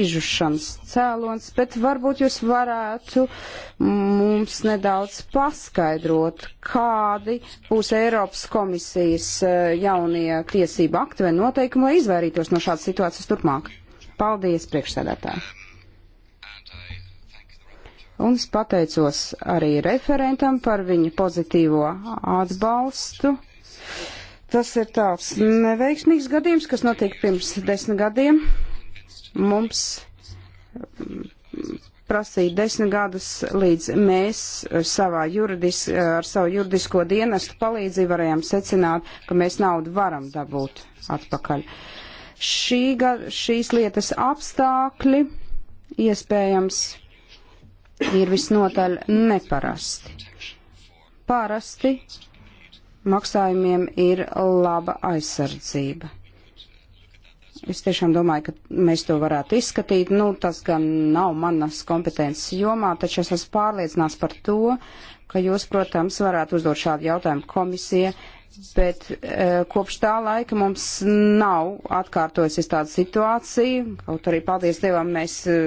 izžušanas cēlons, bet varbūt jūs varētu mums nedaudz paskaidrot, kādi būs Eiropas komisijas eh, jaunie tiesība akti vai noteikumi, lai izvairītos no šādas situācijas turpmāk. Paldies, priekšsēdētāji! Un es pateicos arī referentam par viņa pozitīvo atbalstu. Tas ir tāds neveiksmīgs gadījums, kas notika pirms desmit gadiem mums mm, prasīja desmit gadus, līdz mēs savā juridis, ar savu juridisko dienestu palīdzību varējām secināt, ka mēs naudu varam dabūt atpakaļ. Šī, šīs lietas apstākļi iespējams ir visnotaļ neparasti. Parasti maksājumiem ir laba aizsardzība. Es tiešām domāju, ka mēs to varētu izskatīt. Nu, tas gan nav manas kompetences jomā, taču es esmu pārliecināts par to, ka jūs, protams, varētu uzdot šādu jautājumu komisija, bet e, kopš tā laika mums nav atkārtojusies tāda situācija. Kaut arī, paldies Dievam, mēs e,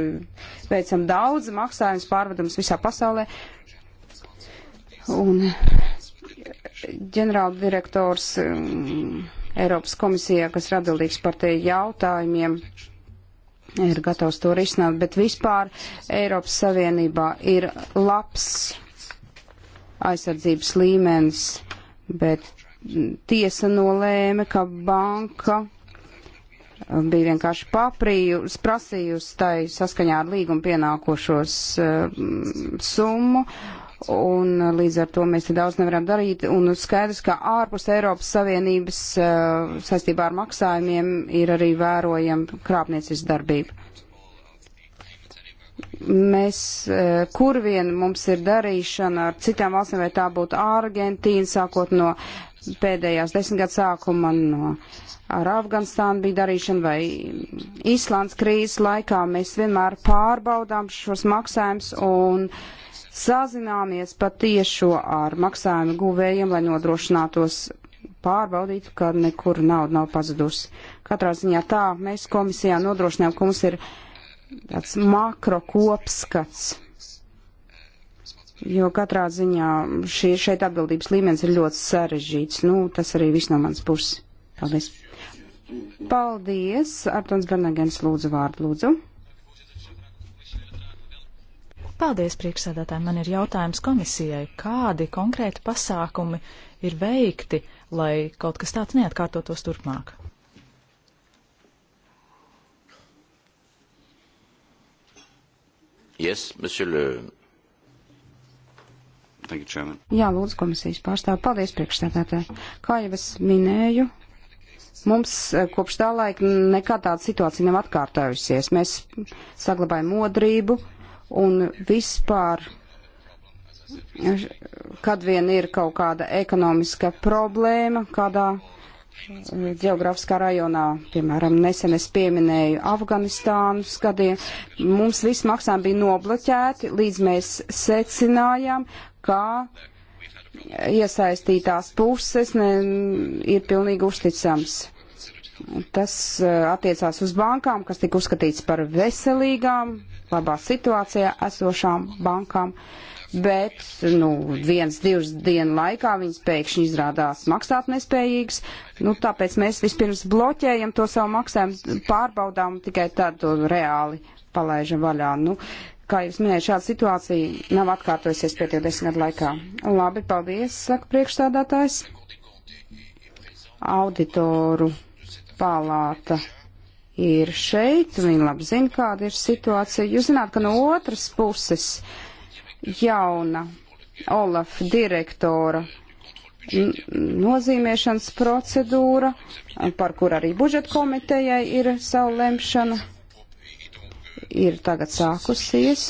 veicam daudz maksājumus pārvedumus visā pasaulē. Un ģenerāldirektors. E, Eiropas komisijā, kas ir atbildīgs par tie jautājumiem, ir gatavs to risināt, bet vispār Eiropas Savienībā ir labs aizsardzības līmenis, bet tiesa nolēma, ka banka bija vienkārši paprījusi, prasījusi tai saskaņā ar līgumu pienākošos uh, summu, Un uh, līdz ar to mēs te daudz nevaram darīt. Un skaidrs, ka ārpus Eiropas Savienības uh, saistībā ar maksājumiem ir arī vērojama krāpniecis darbība. Mēs, uh, kur vien mums ir darīšana ar citām valstīm, vai tā būtu Argentīna, sākot no pēdējās desmitgadu sākuma, no ar Afganistānu bija darīšana vai Īslands krīzes laikā, mēs vienmēr pārbaudām šos maksājumus un uh, sazināmies patiešo ar maksājumu guvējiem, lai nodrošinātos pārbaudīt, ka nekur nauda nav pazudusi. Katrā ziņā tā mēs komisijā nodrošinām, ka mums ir tāds makro kopskats, jo katrā ziņā šī, šeit atbildības līmenis ir ļoti sarežģīts. Nu, tas arī viss no manas puses. Paldies. Paldies. Artons Bernagens lūdzu vārdu lūdzu. Paldies, priekšsēdētāji. Man ir jautājums komisijai, kādi konkrēti pasākumi ir veikti, lai kaut kas tāds neatkārtotos turpmāk? Yes, monsieur le... Thank you, chairman. Jā, lūdzu, komisijas pārstāv. Paldies, priekšstādātāji. Kā jau es minēju, mums eh, kopš tā laika nekā tāda situācija nav atkārtojusies. Mēs saglabājam modrību un vispār, kad vien ir kaut kāda ekonomiska problēma kādā ģeogrāfiskā eh, rajonā, piemēram, nesen es pieminēju Afganistānu skadiem, mums viss maksām bija nobloķēti, līdz mēs secinājām, kā iesaistītās puses ne, ir pilnīgi uzticams. Tas eh, attiecās uz bankām, kas tika uzskatīts par veselīgām, labā situācijā esošām bankām, bet nu, viens, divas dienu laikā viņas pēkšņi izrādās maksāt nespējīgas. Nu, tāpēc mēs vispirms bloķējam to savu maksājumu, pārbaudām tikai tad to reāli palaižam vaļā. Nu, kā jūs minējāt, šāda situācija nav atkārtojusies pēdējo desmit gadu laikā. Labi, paldies, saka priekšstādātājs. Auditoru palāta ir šeit, viņi labi zina, kāda ir situācija. Jūs zināt, ka no otras puses jauna Olaf direktora nozīmēšanas procedūra, par kur arī budžeta komitejai ir savu lemšanu, ir tagad sākusies,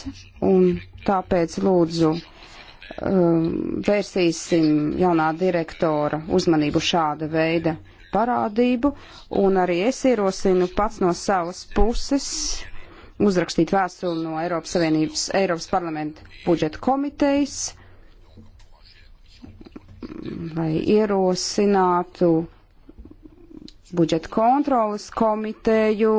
un tāpēc lūdzu um, vērsīsim jaunā direktora uzmanību šāda veida parādību, un arī es ierosinu pats no savas puses uzrakstīt vēstuli no Eiropas Savienības Eiropas parlamenta budžeta komitejas, lai ierosinātu budžeta kontrolas komiteju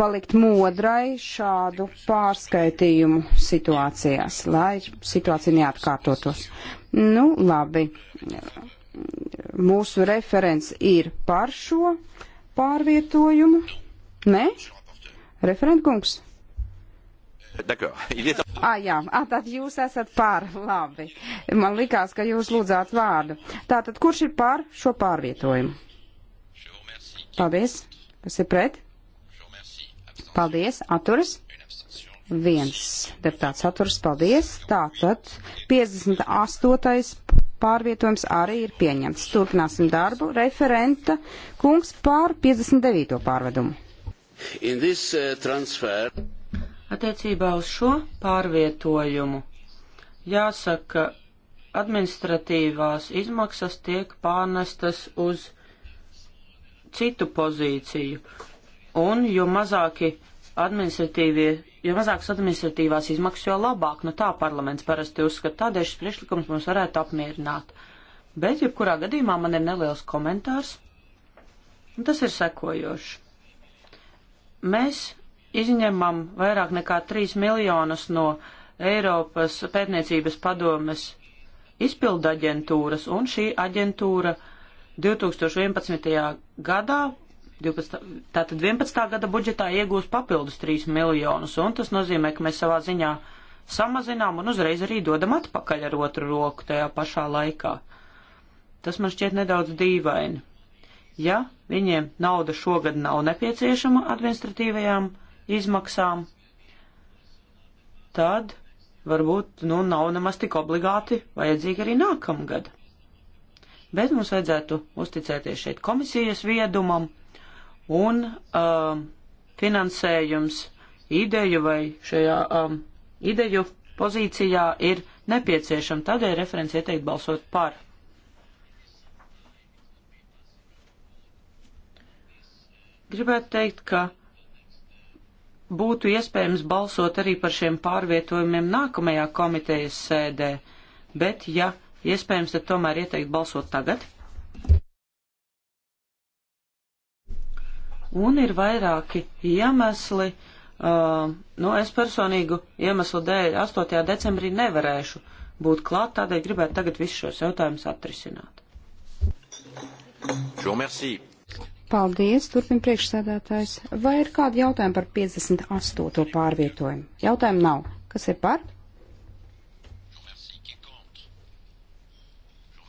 palikt modrai šādu pārskaitījumu situācijās, lai situācija neatkārtotos. Nu, labi mūsu referents ir par šo pārvietojumu. Nē? Referentkungs? Ah, jā, ah, tad jūs esat pār, labi. Man likās, ka jūs lūdzāt vārdu. Tātad, kurš ir pār šo pārvietojumu? Paldies. Kas ir pret? Paldies. Atturas? Viens deputāts atturas. Paldies. Tātad, 58 pārvietojums arī ir pieņemts. Turpināsim darbu. Referenta kungs pār 59. pārvedumu. This, uh, transfer... Attiecībā uz šo pārvietojumu jāsaka, administratīvās izmaksas tiek pārnestas uz citu pozīciju, un jo mazāki administratīvie, jo mazākas administratīvās izmaksas, jo labāk, nu tā parlaments parasti uzskata, tādēļ šis priekšlikums mums varētu apmierināt. Bet, jebkurā gadījumā, man ir neliels komentārs, un tas ir sekojošs. Mēs izņemam vairāk nekā 3 miljonus no Eiropas pētniecības padomes izpildu aģentūras, un šī aģentūra 2011. gadā 12, tātad 11. gada budžetā iegūs papildus 3 miljonus, un tas nozīmē, ka mēs savā ziņā samazinām un uzreiz arī dodam atpakaļ ar otru roku tajā pašā laikā. Tas man šķiet nedaudz dīvaini. Ja viņiem nauda šogad nav nepieciešama administratīvajām izmaksām, tad varbūt nu, nav nemaz tik obligāti vajadzīgi arī nākamgad. Bet mums vajadzētu uzticēties šeit komisijas viedumam un um, finansējums ideju vai šajā um, ideju pozīcijā ir nepieciešama. Tādēļ referents ieteikt balsot par. Gribētu teikt, ka būtu iespējams balsot arī par šiem pārvietojumiem nākamajā komitejas sēdē, bet, ja iespējams, tad tomēr ieteikt balsot tagad. un ir vairāki iemesli. Uh, nu, es personīgu iemeslu dēļ 8. decembrī nevarēšu būt klāt, tādēļ gribētu tagad visus šos jautājumus atrisināt. Paldies, turpina priekšsēdētājs. Vai ir kādi jautājumi par 58. pārvietojumu? Jautājumu nav. Kas ir par?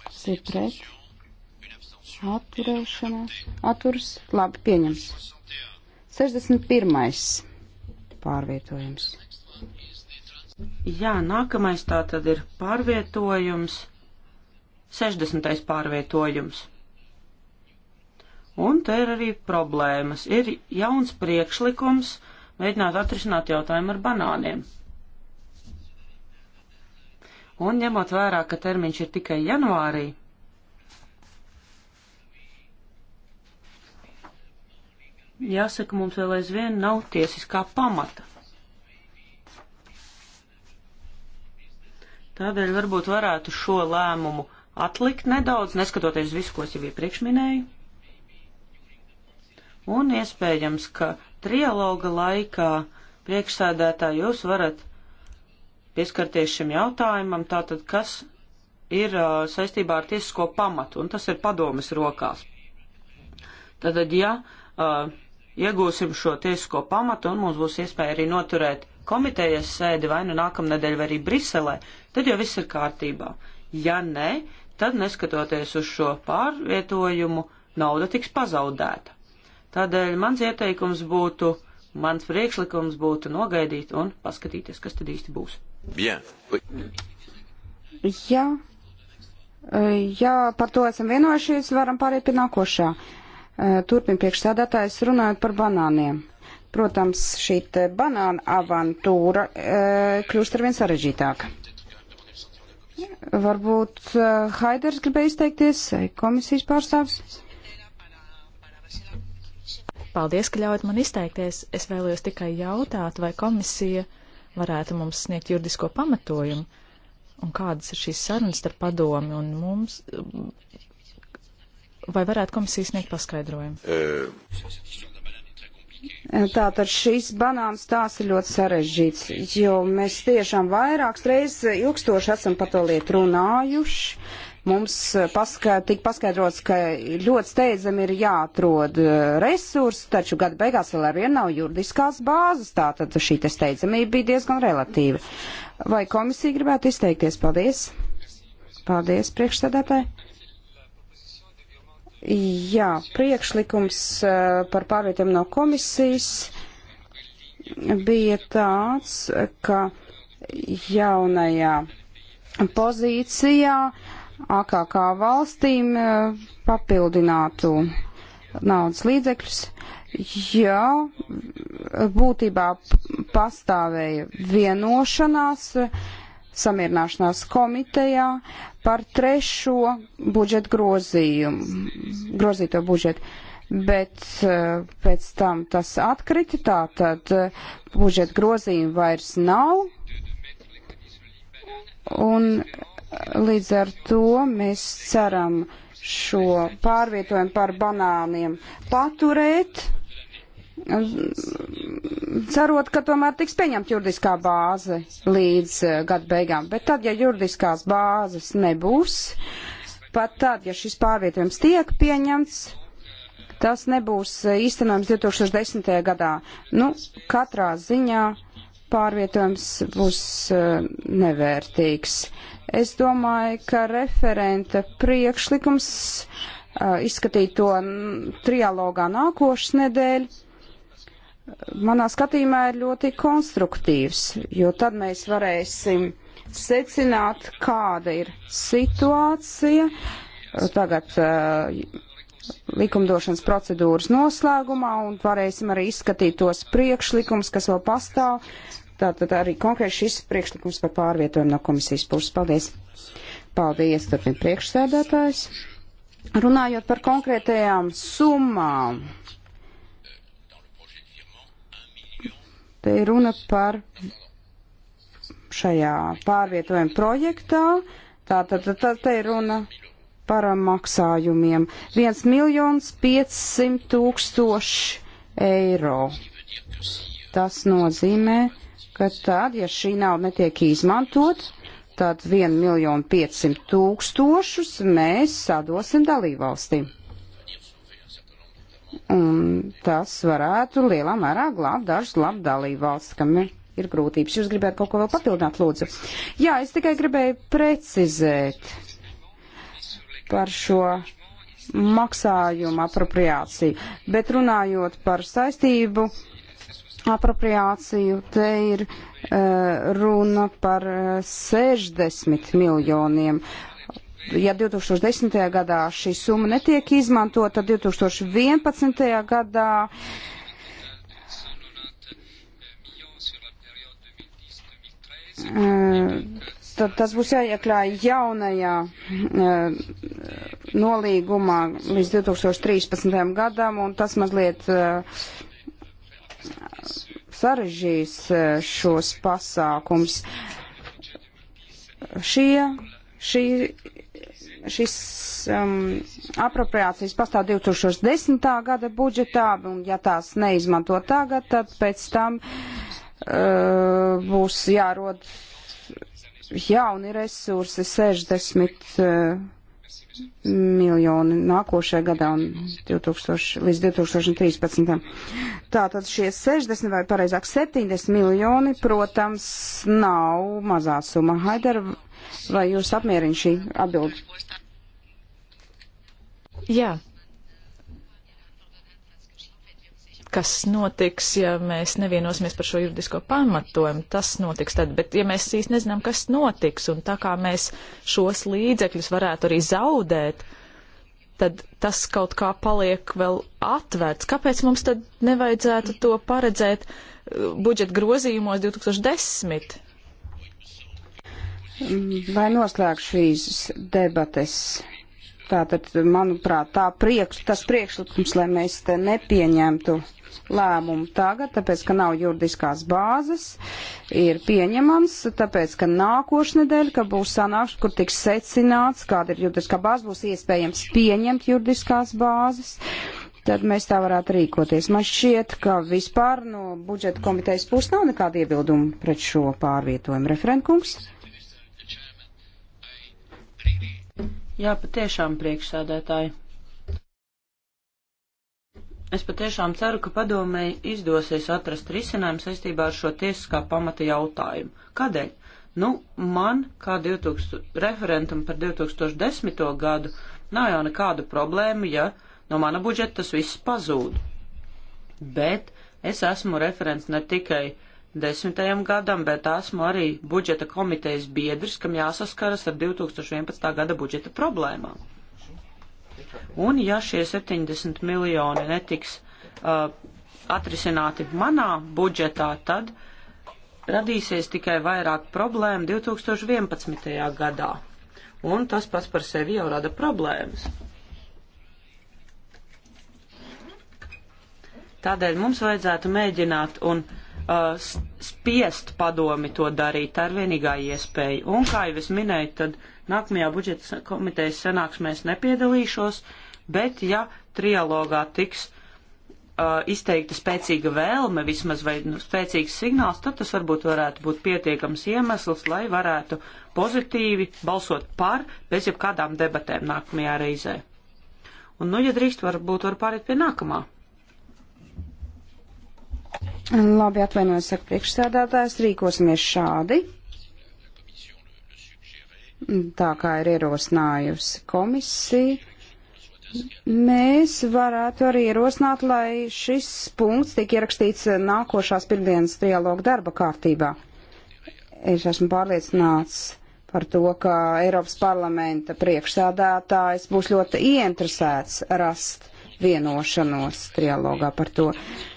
Kas ir pret? atturēšanās, atturs, labi, pieņems. 61. pārvietojums. Jā, nākamais tā tad ir pārvietojums, 60. pārvietojums. Un te ir arī problēmas. Ir jauns priekšlikums mēģināt atrisināt jautājumu ar banāniem. Un ņemot vērā, ka termiņš ir tikai janvārī, Jāsaka, mums vēl aizvien nav tiesiskā pamata. Tādēļ varbūt varētu šo lēmumu atlikt nedaudz, neskatoties uz visu, ko es jau iepriekš minēju. Un iespējams, ka trialoga laikā priekšsēdētā jūs varat pieskarties šim jautājumam, tātad kas ir uh, saistībā ar tiesisko pamatu, un tas ir padomas rokās. Tātad, ja uh, iegūsim šo tiesisko pamatu un mums būs iespēja arī noturēt komitejas sēdi vai nu nākamnedēļ vai arī Briselē, tad jau viss ir kārtībā. Ja nē, tad neskatoties uz šo pārvietojumu, nauda tiks pazaudēta. Tādēļ mans ieteikums būtu, mans priekšlikums būtu nogaidīt un paskatīties, kas tad īsti būs. Bien. Ja, ja par to esam vienojušies, varam pāriet pie nākošā. Uh, Eh, Turpin priekšsādātājs runājot par banāniem. Protams, šī banāna avantūra eh, kļūst arvien sarežģītāka. Varbūt eh, Haiders gribēja izteikties, komisijas pārstāvs. Paldies, ka ļaujat man izteikties. Es vēlējos tikai jautāt, vai komisija varētu mums sniegt juridisko pamatojumu un kādas ir šīs sarunas ar padomi un mums Vai varētu komisija sniegt paskaidrojumu? Tātad šis banāns tās ir ļoti sarežģīts, jo mēs tiešām vairākas reizes ilgstoši esam par to lietu runājuši. Mums paska, tika paskaidrots, ka ļoti steidzami ir jāatrod resursi, taču gada beigās vēl arvien nav juridiskās bāzes, tātad šī te steidzamība bija diezgan relatīva. Vai komisija gribētu izteikties? Paldies! Paldies, priekšsēdētāji! Jā, priekšlikums eh, par pārvietojumu no komisijas bija tāds, ka jaunajā pozīcijā AKK valstīm eh, papildinātu naudas līdzekļus, ja būtībā pastāvēja vienošanās uh, samierināšanās komitejā par trešo budžetu grozījumu, grozīto budžetu. Bet eh, pēc tam tas atkrita, tā tad eh, budžeta grozījuma vairs nav. Un eh, līdz ar to mēs ceram šo pārvietojumu par banāniem paturēt cerot, ka tomēr tiks pieņemt juridiskā bāze līdz eh, gada beigām. Bet tad, ja juridiskās bāzes nebūs, pat tad, ja šis pārvietojums tiek pieņemts, tas nebūs eh, īstenojams 2010. gadā. Nu, katrā ziņā pārvietojums būs eh, nevērtīgs. Es domāju, ka referenta priekšlikums izskatīt to trialogā nākošas nedēļas manā skatījumā ir ļoti konstruktīvs, jo tad mēs varēsim secināt, kāda ir situācija tagad eh, likumdošanas procedūras noslēgumā un varēsim arī izskatīt tos priekšlikums, kas vēl pastāv. Tātad arī konkrēti šis priekšlikums par pārvietojumu no komisijas puses. Paldies! Paldies, turpin priekšsēdētājs! Runājot par konkrētajām summām. Te ir runa par šajā pārvietojuma projektā. Tātad tā, tā, tā ir runa par maksājumiem. 1 miljons 500 tūkstoši eiro. Tas nozīmē, ka tad, ja šī nauda netiek izmantot, tad 1 miljonu 500 tūkstošus mēs sadosim dalībvalstīm. Un tas varētu lielā mērā glābt dažas labdalību valsts, kam ir, ir grūtības. Jūs gribētu kaut ko vēl papildināt, lūdzu? Jā, es tikai gribēju precizēt par šo maksājumu apropriāciju, bet runājot par saistību apropriāciju, te ir uh, runa par 60 eh, miljoniem ja 2010. gadā šī summa netiek izmantota, tad 2011. gadā eh, tad tas būs jāiekļāj jaunajā eh, nolīgumā līdz 2013. gadam, un tas mazliet eh, sarežģīs šos pasākums. Šie, šī šis um, apropriācijas pastāv 2010. gada budžetā, un ja tās neizmanto tagad, tad pēc tam uh, būs jārod jauni resursi 60. Uh, miljoni nākošajā gadā un 2000, līdz 2013. Tātad šie 60 vai pareizāk 70 miljoni, protams, nav mazā summa. Haidar, vai jūs apmierini šī atbildi? Jā, kas notiks, ja mēs nevienosimies par šo juridisko pamatojumu. Tas notiks tad, bet ja mēs īsti nezinām, kas notiks, un tā kā mēs šos līdzekļus varētu arī zaudēt, tad tas kaut kā paliek vēl atvērts. Kāpēc mums tad nevajadzētu to paredzēt uh, budžeta grozījumos 2010? Vai noslēgšu šīs debates Tātad, manuprāt, tā priekš, tas priekšlikums, lai mēs te nepieņemtu lēmumu tagad, tāpēc, ka nav juridiskās bāzes, ir pieņemams, tāpēc, ka nākošnedēļ, ka būs sanāks, kur tiks secināts, kāda ir juridiskā bāze, būs iespējams pieņemt juridiskās bāzes. Tad mēs tā varētu rīkoties. Man šķiet, ka vispār no budžeta komitejas puses nav nekāda iebilduma pret šo pārvietojumu. Referentkungs? Jā, patiešām priekšsēdētāji. Es patiešām ceru, ka padomēji izdosies atrast risinājumu saistībā ar šo tiesiskā pamata jautājumu. Kādēļ? Nu, man, kā 2000, referentam par 2010. gadu, nav jau nekādu problēmu, ja no mana budžeta tas viss pazūd. Bet es esmu referents ne tikai desmitajam gadam, bet esmu arī budžeta komitejas biedrs, kam jāsaskaras ar 2011. gada budžeta problēmām. Un ja šie 70 miljoni netiks uh, atrisināti manā budžetā, tad radīsies tikai vairāk problēmu 2011. gadā. Un tas pats par sevi jau rada problēmas. Tādēļ mums vajadzētu mēģināt un uh, uh, spiest padomi to darīt. Tā ir vienīgā iespēja. Un, kā jau es minēju, tad nākamajā budžeta komitejas sanāksmēs nepiedalīšos, bet ja trialogā tiks uh, izteikta spēcīga vēlme vismaz vai nu, spēcīgs signāls, tad tas varbūt varētu būt pietiekams iemesls, lai varētu pozitīvi balsot par bez jebkādām debatēm nākamajā reizē. Un, nu, ja drīkst, varbūt var pāriet pie nākamā Labi, atvainojos, saka priekšsēdētājs, rīkosimies šādi. Tā kā ir ierosinājusi komisija, mēs varētu arī ierosināt, lai šis punkts tiek ierakstīts nākošās pirmdienas trialoga darba kārtībā. Es esmu pārliecināts par to, ka Eiropas parlamenta priekšsādātājs būs ļoti ieinteresēts rast vienošanos trialogā par to. Uh,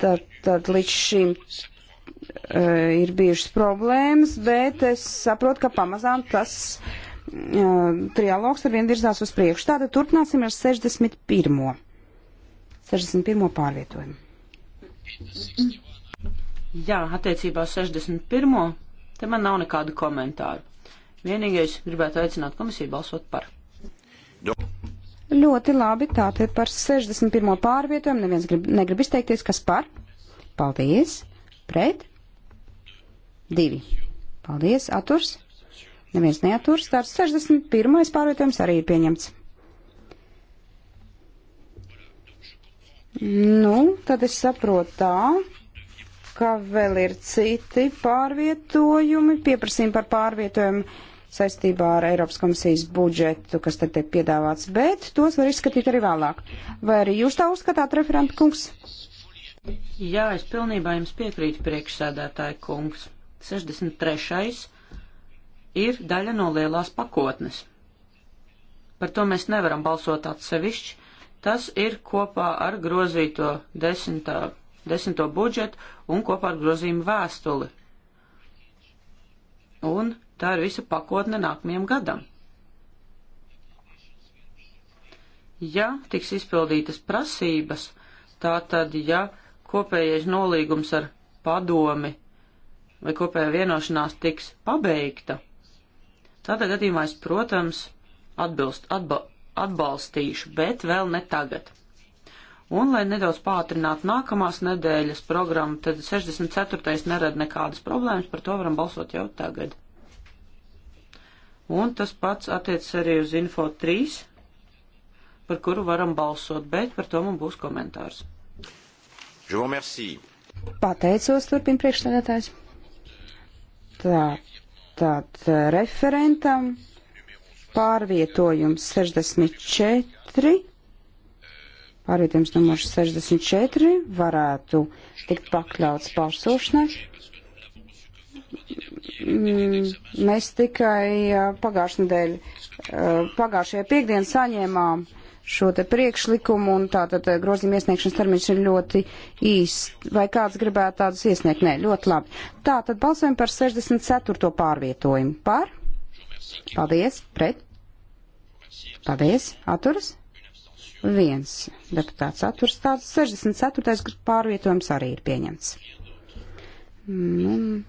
Tad, tad līdz šim uh, ir bijušas problēmas, bet es saprotu, ka pamazām tas uh, trialogs ar vienu virzās uz priekšu. Tātad turpināsim ar 61. 61. pārvietojumu. Jā, attiecībā 61. Te man nav nekādu komentāru. Vienīgais gribētu aicināt komisiju balsot par. Ļoti labi, tātad par 61. pārvietojumu neviens grib, negrib izteikties, kas par? Paldies. Pret? Divi. Paldies, aturs. Neviens neaturs, tāds 61. pārvietojums arī ir pieņemts. Nu, tad es saprotu tā, ka vēl ir citi pārvietojumi, pieprasījumi par pārvietojumu saistībā ar Eiropas komisijas budžetu, kas te tiek piedāvāts, bet tos var izskatīt arī vēlāk. Vai arī jūs tā uzskatāt, referenta kungs? Jā, es pilnībā jums piekrītu, priekšsēdētāja kungs. 63. ir daļa no lielās pakotnes. Par to mēs nevaram balsot atsevišķi. Tas ir kopā ar grozīto desmitā, desmito budžetu un kopā ar grozījumu vēstuli. Un tā ir visa pakotne nākamajam gadam. Ja tiks izpildītas prasības, tātad, ja kopējais nolīgums ar padomi vai kopējā vienošanās tiks pabeigta, tādā gadījumā es, protams, atbilst, atba, atbalstīšu, bet vēl ne tagad. Un, lai nedaudz pātrinātu nākamās nedēļas programmu, tad 64. nerada nekādas problēmas, par to varam balsot jau tagad. Un tas pats attiecas arī uz info 3, par kuru varam balsot, bet par to mums būs komentārs. Pateicos, turpina priekšstādātājs. Tā, tad referentam pārvietojums 64, pārvietojums numurs 64 varētu tikt pakļauts balsošanai Mm, mēs tikai pagājušajā nedēļā, pagājušajā piekdienā saņēmām šo te priekšlikumu, un tātad grozījuma iesniegšanas termiņš ir ļoti īs. Vai kāds gribētu tādus iesniegt? Nē, ļoti labi. Tātad balsojam par 64. pārvietojumu. Par? Paldies. Pret? Paldies. Atturas? Viens deputāts atturas. Tāds 64. pārvietojums arī ir pieņemts. Mm.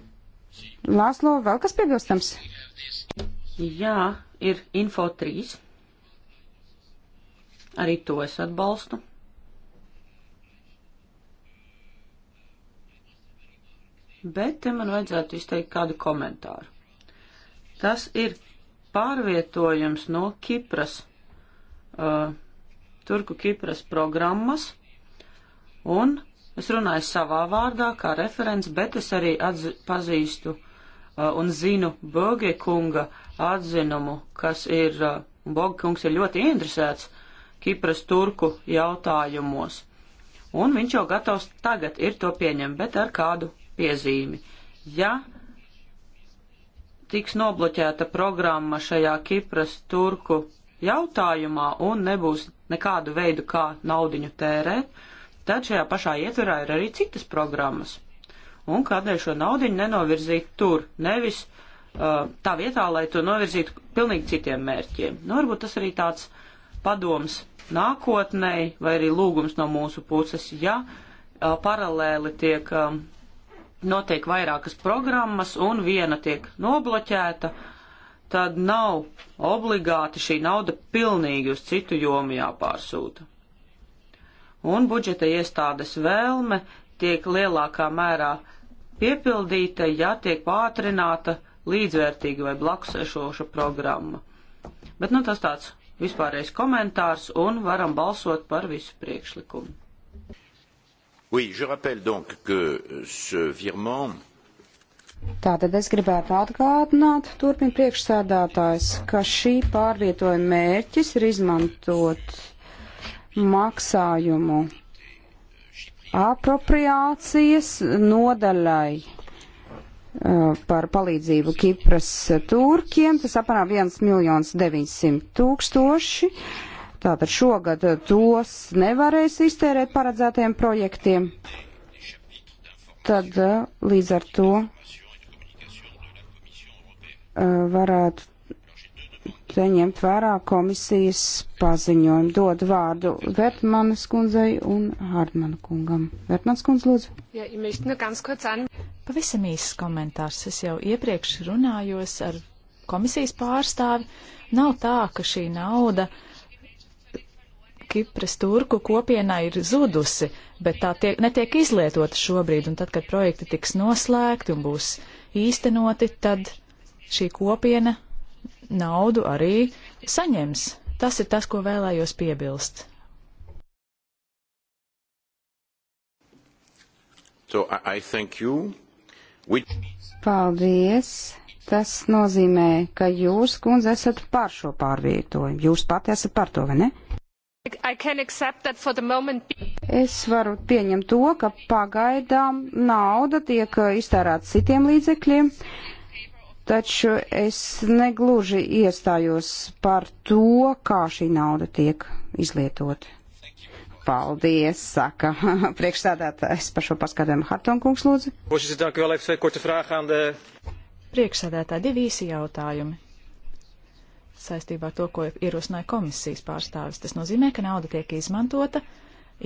Lāslo, vēl kas piebilstams? Jā, ir info 3. Arī to es atbalstu. Bet te man vajadzētu izteikt kādu komentāru. Tas ir pārvietojums no Kipras, uh, Turku Kipras programmas, un es runāju savā vārdā kā referents, bet es arī atzi, pazīstu uh, Eh, un zinu Bogie kunga atzinumu, kas ir, eh, Bogie kungs ir ļoti interesēts Kipras turku jautājumos. Un viņš jau gatavs tagad ir to pieņemt, bet ar kādu piezīmi. Ja tiks nobloķēta programma šajā Kipras turku jautājumā un nebūs nekādu veidu, kā naudiņu tērēt, tad šajā pašā ietverā ir arī citas programmas un kādēļ šo naudu nenovirzīt tur, nevis uh, tā vietā, lai to novirzītu pilnīgi citiem mērķiem. Nu, varbūt tas arī tāds padoms nākotnei vai arī lūgums no mūsu puses, ja uh, paralēli tiek um, notiek vairākas programmas un viena tiek nobloķēta, tad nav obligāti šī nauda pilnīgi uz citu jomu jāpārsūta. Un budžeta iestādes vēlme tiek lielākā mērā piepildīta, ja tiek pātrināta līdzvērtīga vai blakusēšoša programma. Bet nu tas tāds vispārējais komentārs un varam balsot par visu priekšlikumu. Oui, je rappelle donc que euh, ce virement Tātad es gribētu atgādināt, turpina priekšsēdātājs, ka šī pārvietojuma mērķis ir izmantot maksājumu apropriācijas nodaļai uh, par palīdzību Kipras turkiem. Tas apmēram 1 miljonus 900 tūkstoši. Tātad šogad tos nevarēs iztērēt paredzētajiem projektiem. Tad uh, līdz ar to uh, varētu te ņemt vērā komisijas paziņojumu. Dod vārdu Vertmanas kundzei un Hardmana kungam. Vertmanas kundz, lūdzu. Ja, ja nu Pavisam īsts komentārs. Es jau iepriekš runājos ar komisijas pārstāvi. Nav tā, ka šī nauda Kipras turku kopienā ir zudusi, bet tā tiek, netiek izlietota šobrīd, un tad, kad projekti tiks noslēgti un būs īstenoti, tad šī kopiena naudu arī saņems. Tas ir tas, ko vēlējos piebilst. So I, I thank you. Which... Paldies. Tas nozīmē, ka jūs, kundze, esat par šo pārvietojumu. Jūs pati esat par to, vai ne? Moment... Es varu pieņemt to, ka pagaidām nauda tiek iztērēta citiem līdzekļiem. Uh, taču es negluži iestājos par to, kā šī nauda tiek izlietota. Paldies, saka priekšsēdētājs par šo paskatījumu. Hartonkungs, lūdzu. Priekšsēdētāji divi īsi jautājumi saistībā ar to, ko ierosināja komisijas pārstāvis. Tas nozīmē, ka nauda tiek izmantota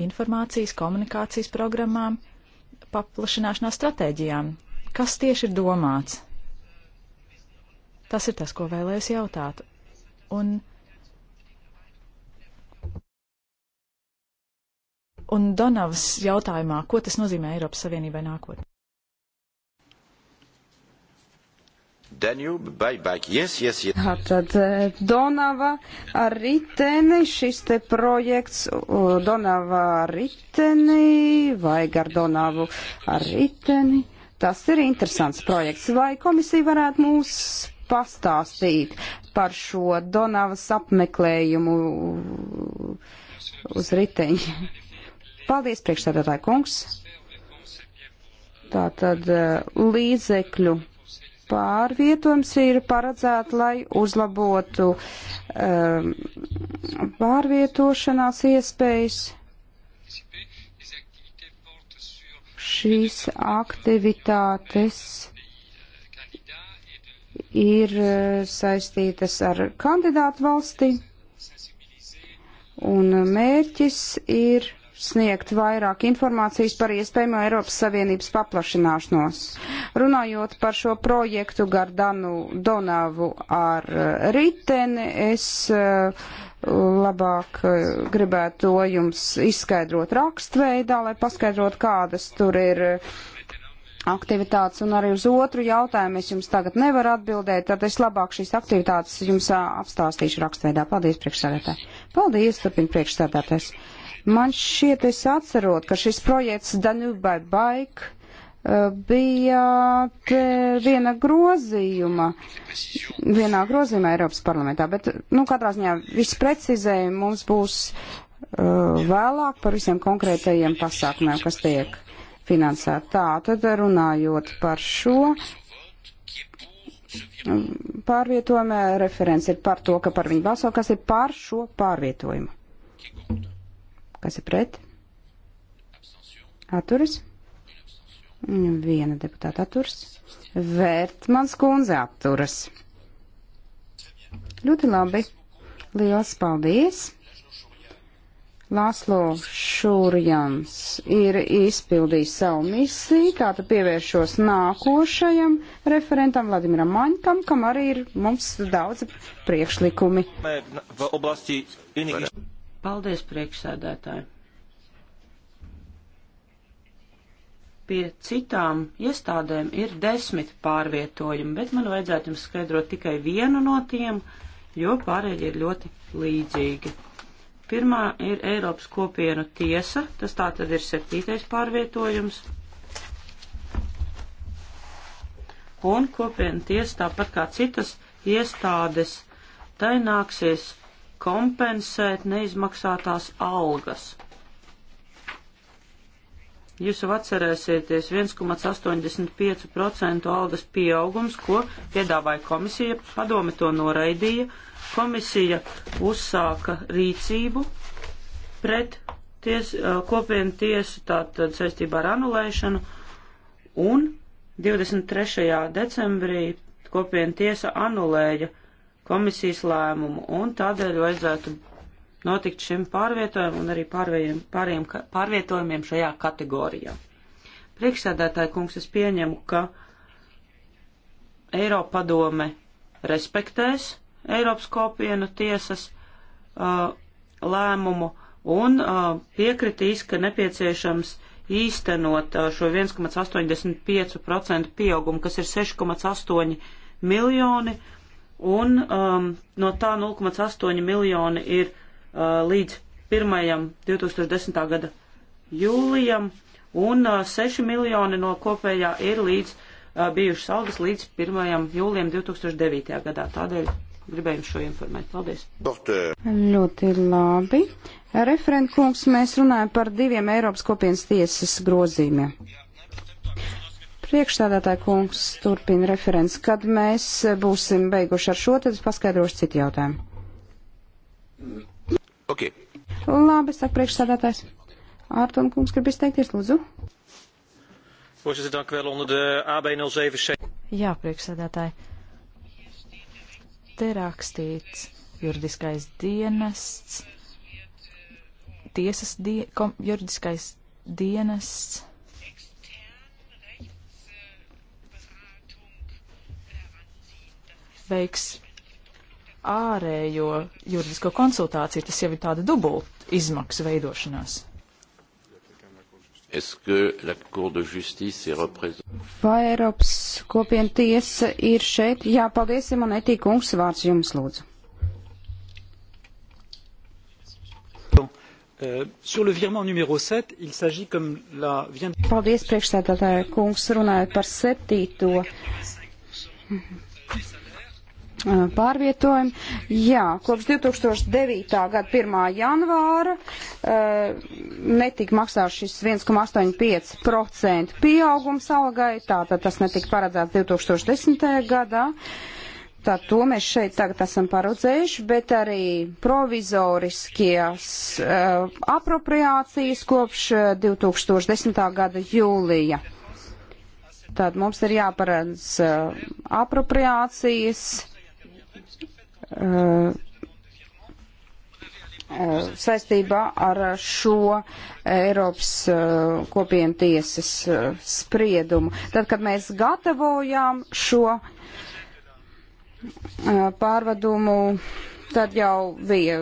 informācijas, komunikācijas programmām, paplašināšanās stratēģijām. Kas tieši ir domāts? Tas ir tas, ko vēlēs jautāt. Un, un Donavas jautājumā, ko tas nozīmē Eiropas Savienībai nākotnē? Danube, buyback, yes, yes, yes. Tātad eh, Donava ar riteni, šis te projekts Donava ar riteni, vai gar Donavu ar riteni. Tas ir interesants projekts. Vai komisija varētu mūs pastāstīt par šo Donavas apmeklējumu uz riteņa. Paldies, priekšstādātāji kungs. Tātad eh, līdzekļu pārvietojums ir paredzēts, lai uzlabotu um, pārvietošanās iespējas. Šīs aktivitātes ir eh, saistītas ar kandidātu valsti, un mērķis ir sniegt vairāk informācijas par iespējamo Eiropas Savienības paplašināšanos. Runājot par šo projektu Gardanu Donavu ar eh, riteni, es eh, labāk gribētu to jums izskaidrot rakstveidā, lai paskaidrot, kādas tur ir aktivitātes, un arī uz otru jautājumu es jums tagad nevaru atbildēt, tad es labāk šīs aktivitātes jums apstāstīšu rakstveidā. Paldies, priekšsēdētāji. Paldies, turpina priekšsēdētājs. Man šķiet, es atcerot, ka šis projekts Danubai Bike bija viena grozījuma, vienā grozījumā Eiropas parlamentā, bet, nu, katrā ziņā viss precizēja mums būs uh, vēlāk par visiem konkrētajiem pasākumiem, kas tiek finansēt. Tā tad runājot par šo pārvietojumu, referents ir par to, ka par viņu balso, kas ir par šo pārvietojumu. Kas ir pret? Atturis? Viena deputāta atturis. Vērtmans kundze atturas. Ļoti labi. Lielas paldies! Lāslo Šūrjans ir izpildījis savu misiju, tātad pievēršos nākošajam referentam Vladimiram Maņkam, kam arī ir mums daudz priekšlikumi. Paldies, priekšsēdētāji. Pie citām iestādēm ir desmit pārvietojumi, bet man vajadzētu jums skaidrot tikai vienu no tiem, jo pārējie ir ļoti līdzīgi. Pirmā ir Eiropas kopienu tiesa, tas tā tad ir septītais pārvietojums. Un kopienu tiesa, tāpat kā citas iestādes, tai nāksies kompensēt neizmaksātās algas. Jūs jau atcerēsieties 1,85% algas pieaugums, ko piedāvāja komisija, padome to noraidīja, komisija uzsāka rīcību pret ties, uh, kopienu tiesu tātad saistībā ar anulēšanu un 23. decembrī kopienu tiesa anulēja komisijas lēmumu un tādēļ vajadzētu notikt šim pārvietojumam un arī pārvējiem, pāriem, pārvietojumiem šajā kategorijā. Priekšsēdētāji kungs, es pieņemu, ka Eiropadome respektēs Eiropas kopienu tiesas uh, lēmumu un uh, piekritīs, ka nepieciešams īstenot uh, šo 1,85% pieaugumu, kas ir 6,8 miljoni, un um, no tā 0,8 miljoni ir uh, līdz 1. 2010. gada jūlijam, un uh, 6 miljoni no kopējā ir līdz uh, bijušas algas līdz 1. jūlijam 2009. gadā. Tādēļ Gribēju šo informēt. Paldies. Doktor. Ļoti labi. Referent kungs, mēs runājam par diviem Eiropas kopienas tiesas grozīmiem. Priekšstādātāja kungs turpina referents. Kad mēs būsim beiguši ar šo, tad es paskaidrošu citu jautājumu. Okay. Labi, saka priekšstādātājs. Ārton kungs grib izteikties, lūdzu. Voorzitter, dank u wel onder de AB 077. Ja, priekšstādātāji te rakstīts juridiskais dienests, tiesas die, kom, juridiskais dienests. veiks ārējo juridisko konsultāciju, tas jau ir tāda dubulta izmaksu veidošanās. Vai Eiropas kopiena tiesa ir šeit? Jā, paldies, Simonetī kungs, vārds jums lūdzu. Euh, sur le virement numéro 7, il s'agit, comme la vient de... Paldies, priekšstādātāja kungs, runājot par septīto pārvietojumi. Jā, kopš 2009. gada 1. janvāra uh, netika maksāts šis 1,85% pieaugums algai, tātad tas netika paredzēts 2010. gadā. Tad to mēs šeit tagad esam paredzējuši, bet arī provizoriskās uh, apropriācijas kopš 2010. gada jūlija. Tad mums ir jāparedz uh, apropriācijas Uh, uh, saistībā ar šo Eiropas uh, kopienu tiesas spriedumu. Tad, kad mēs gatavojām šo pārvadumu, tad jau bija,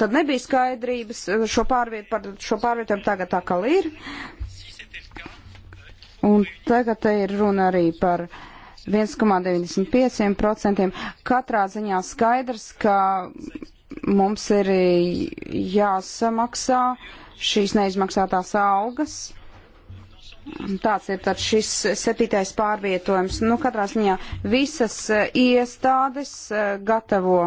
tad nebija skaidrības šo pārvietu, par šo pārvietojumu tagad tā kā ir. Un tagad te ir runa arī par uh, 1,95%. Katrā ziņā skaidrs, ka mums ir jāsamaksā šīs neizmaksātās algas. Tāds ir tad šis septītais pārvietojums. Nu, katrā ziņā visas eh, iestādes eh, gatavo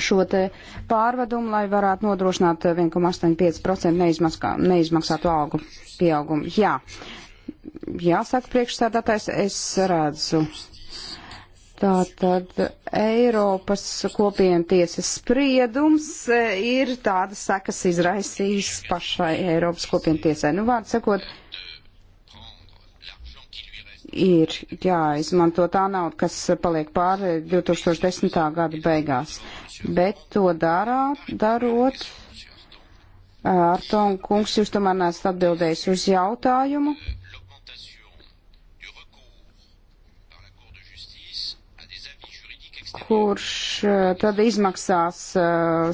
šo te pārvedumu, lai varētu nodrošināt 1,85% eh, neizmaksātu algu pieaugumu. Jā. Uh, jāsaka priekšsēdātājs, es redzu. Tātad Eiropas kopienu tiesas spriedums e, ir tāda sekas izraisījis pašai Eiropas kopienu tiesai. Nu, vārds sakot, ir jāizmanto tā nauda, kas paliek pāri 2010. gada beigās. Bet to darā, darot, Arton kungs, jūs tomēr neesat atbildējis uz jautājumu. kurš eh, tad izmaksās eh,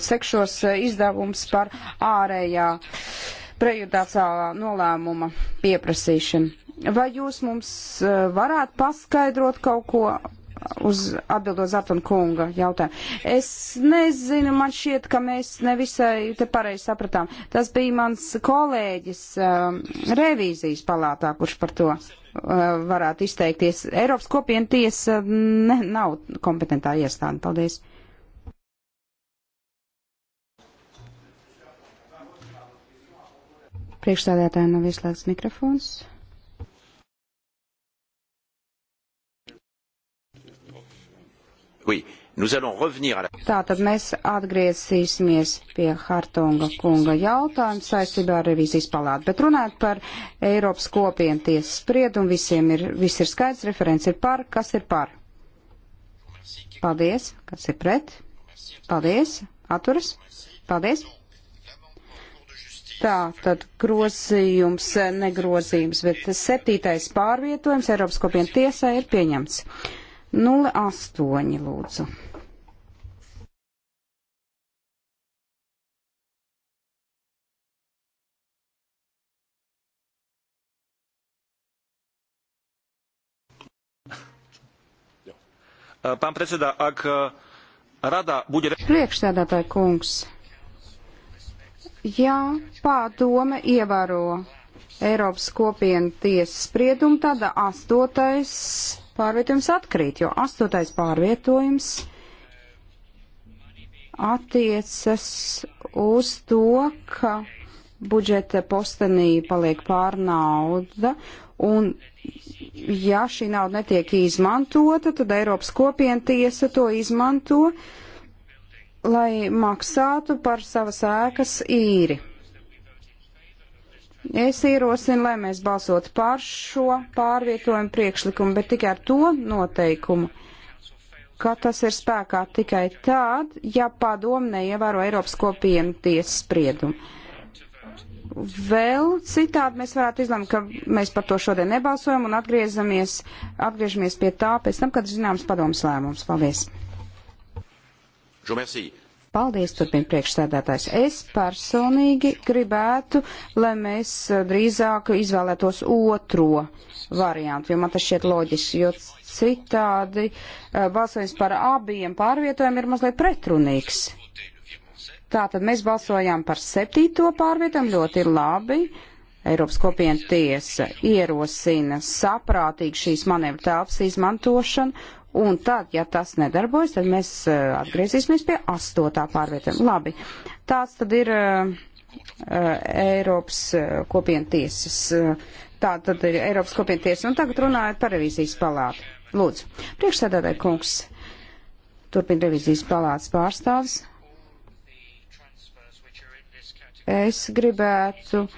sekšos eh, izdevums par ārējā prejudācālā nolēmuma pieprasīšanu. Vai jūs mums varētu paskaidrot kaut ko uz atbildot Zatona kunga jautājumu. Es nezinu, man šķiet, ka mēs nevisai te pareizi sapratām. Tas bija mans kolēģis um, revīzijas palātā, kurš par to Eh, varētu izteikties. Eiropas kopiena tiesa eh, ne, nav kompetentā iestāde. Paldies! Priekšstādētājiem nav ieslēgts mikrofons. Oui. Tātad mēs atgriezīsimies pie Hartunga kunga jautājuma saistībā ar revīzijas palātu, bet runājot par Eiropas kopienties spriedumu, visiem ir, viss ir skaidrs, referents ir par, kas ir par. Paldies, kas ir pret. Paldies, atturas. Paldies. Tā, tad grozījums, negrozījums, bet septītais pārvietojums Eiropas kopienu tiesā ir pieņemts. 08 lūdzu. Pán predseda, ak rada bude... Priekšsēdētāji kungs, ja pārdome ievēro Eiropas kopienu tiesas spriedumu, tad astotais pārvietojums atkrīt, jo astotais pārvietojums attiecas uz to, ka budžeta postenī paliek pārnauda, un ja šī nauda netiek izmantota, tad Eiropas kopiena tiesa to izmanto, lai maksātu par savas ēkas īri. Es ierosinu, lai mēs balsotu pār šo pārvietojumu priekšlikumu, bet tikai ar to noteikumu, ka tas ir spēkā tikai tād, ja padomu neievēro Eiropas kopienu tiesas spriedumu. Vēl citādi mēs varētu izlemt, ka mēs par to šodien nebalsojam un atgriezamies, atgriežamies pie tā pēc tam, kad zināms padomas lēmums. Paldies! Jo, Paldies, turpina priekšstādātājs. Es personīgi gribētu, lai mēs eh, drīzāk izvēlētos otro variantu, jo man tas šķiet loģiski, jo citādi eh, balsojums par abiem pārvietojumiem ir mazliet pretrunīgs. Tātad mēs balsojām par septīto pārvietojumu ļoti labi. Eiropas kopiena tiesa ierosina saprātīgi šīs manevru telpas izmantošanu Un tad, ja tas nedarbojas, tad mēs e, atgriezīsimies pie astotā pārvietojuma. Labi, tāds tad ir uh, Eiropas kopienu tiesas. Tā tad ir Eiropas kopienu tiesa. Un tagad runājot par revīzijas palātu. Lūdzu, priekšsēdētāji kungs, turpina revīzijas palātas pārstāvis. Es gribētu uh,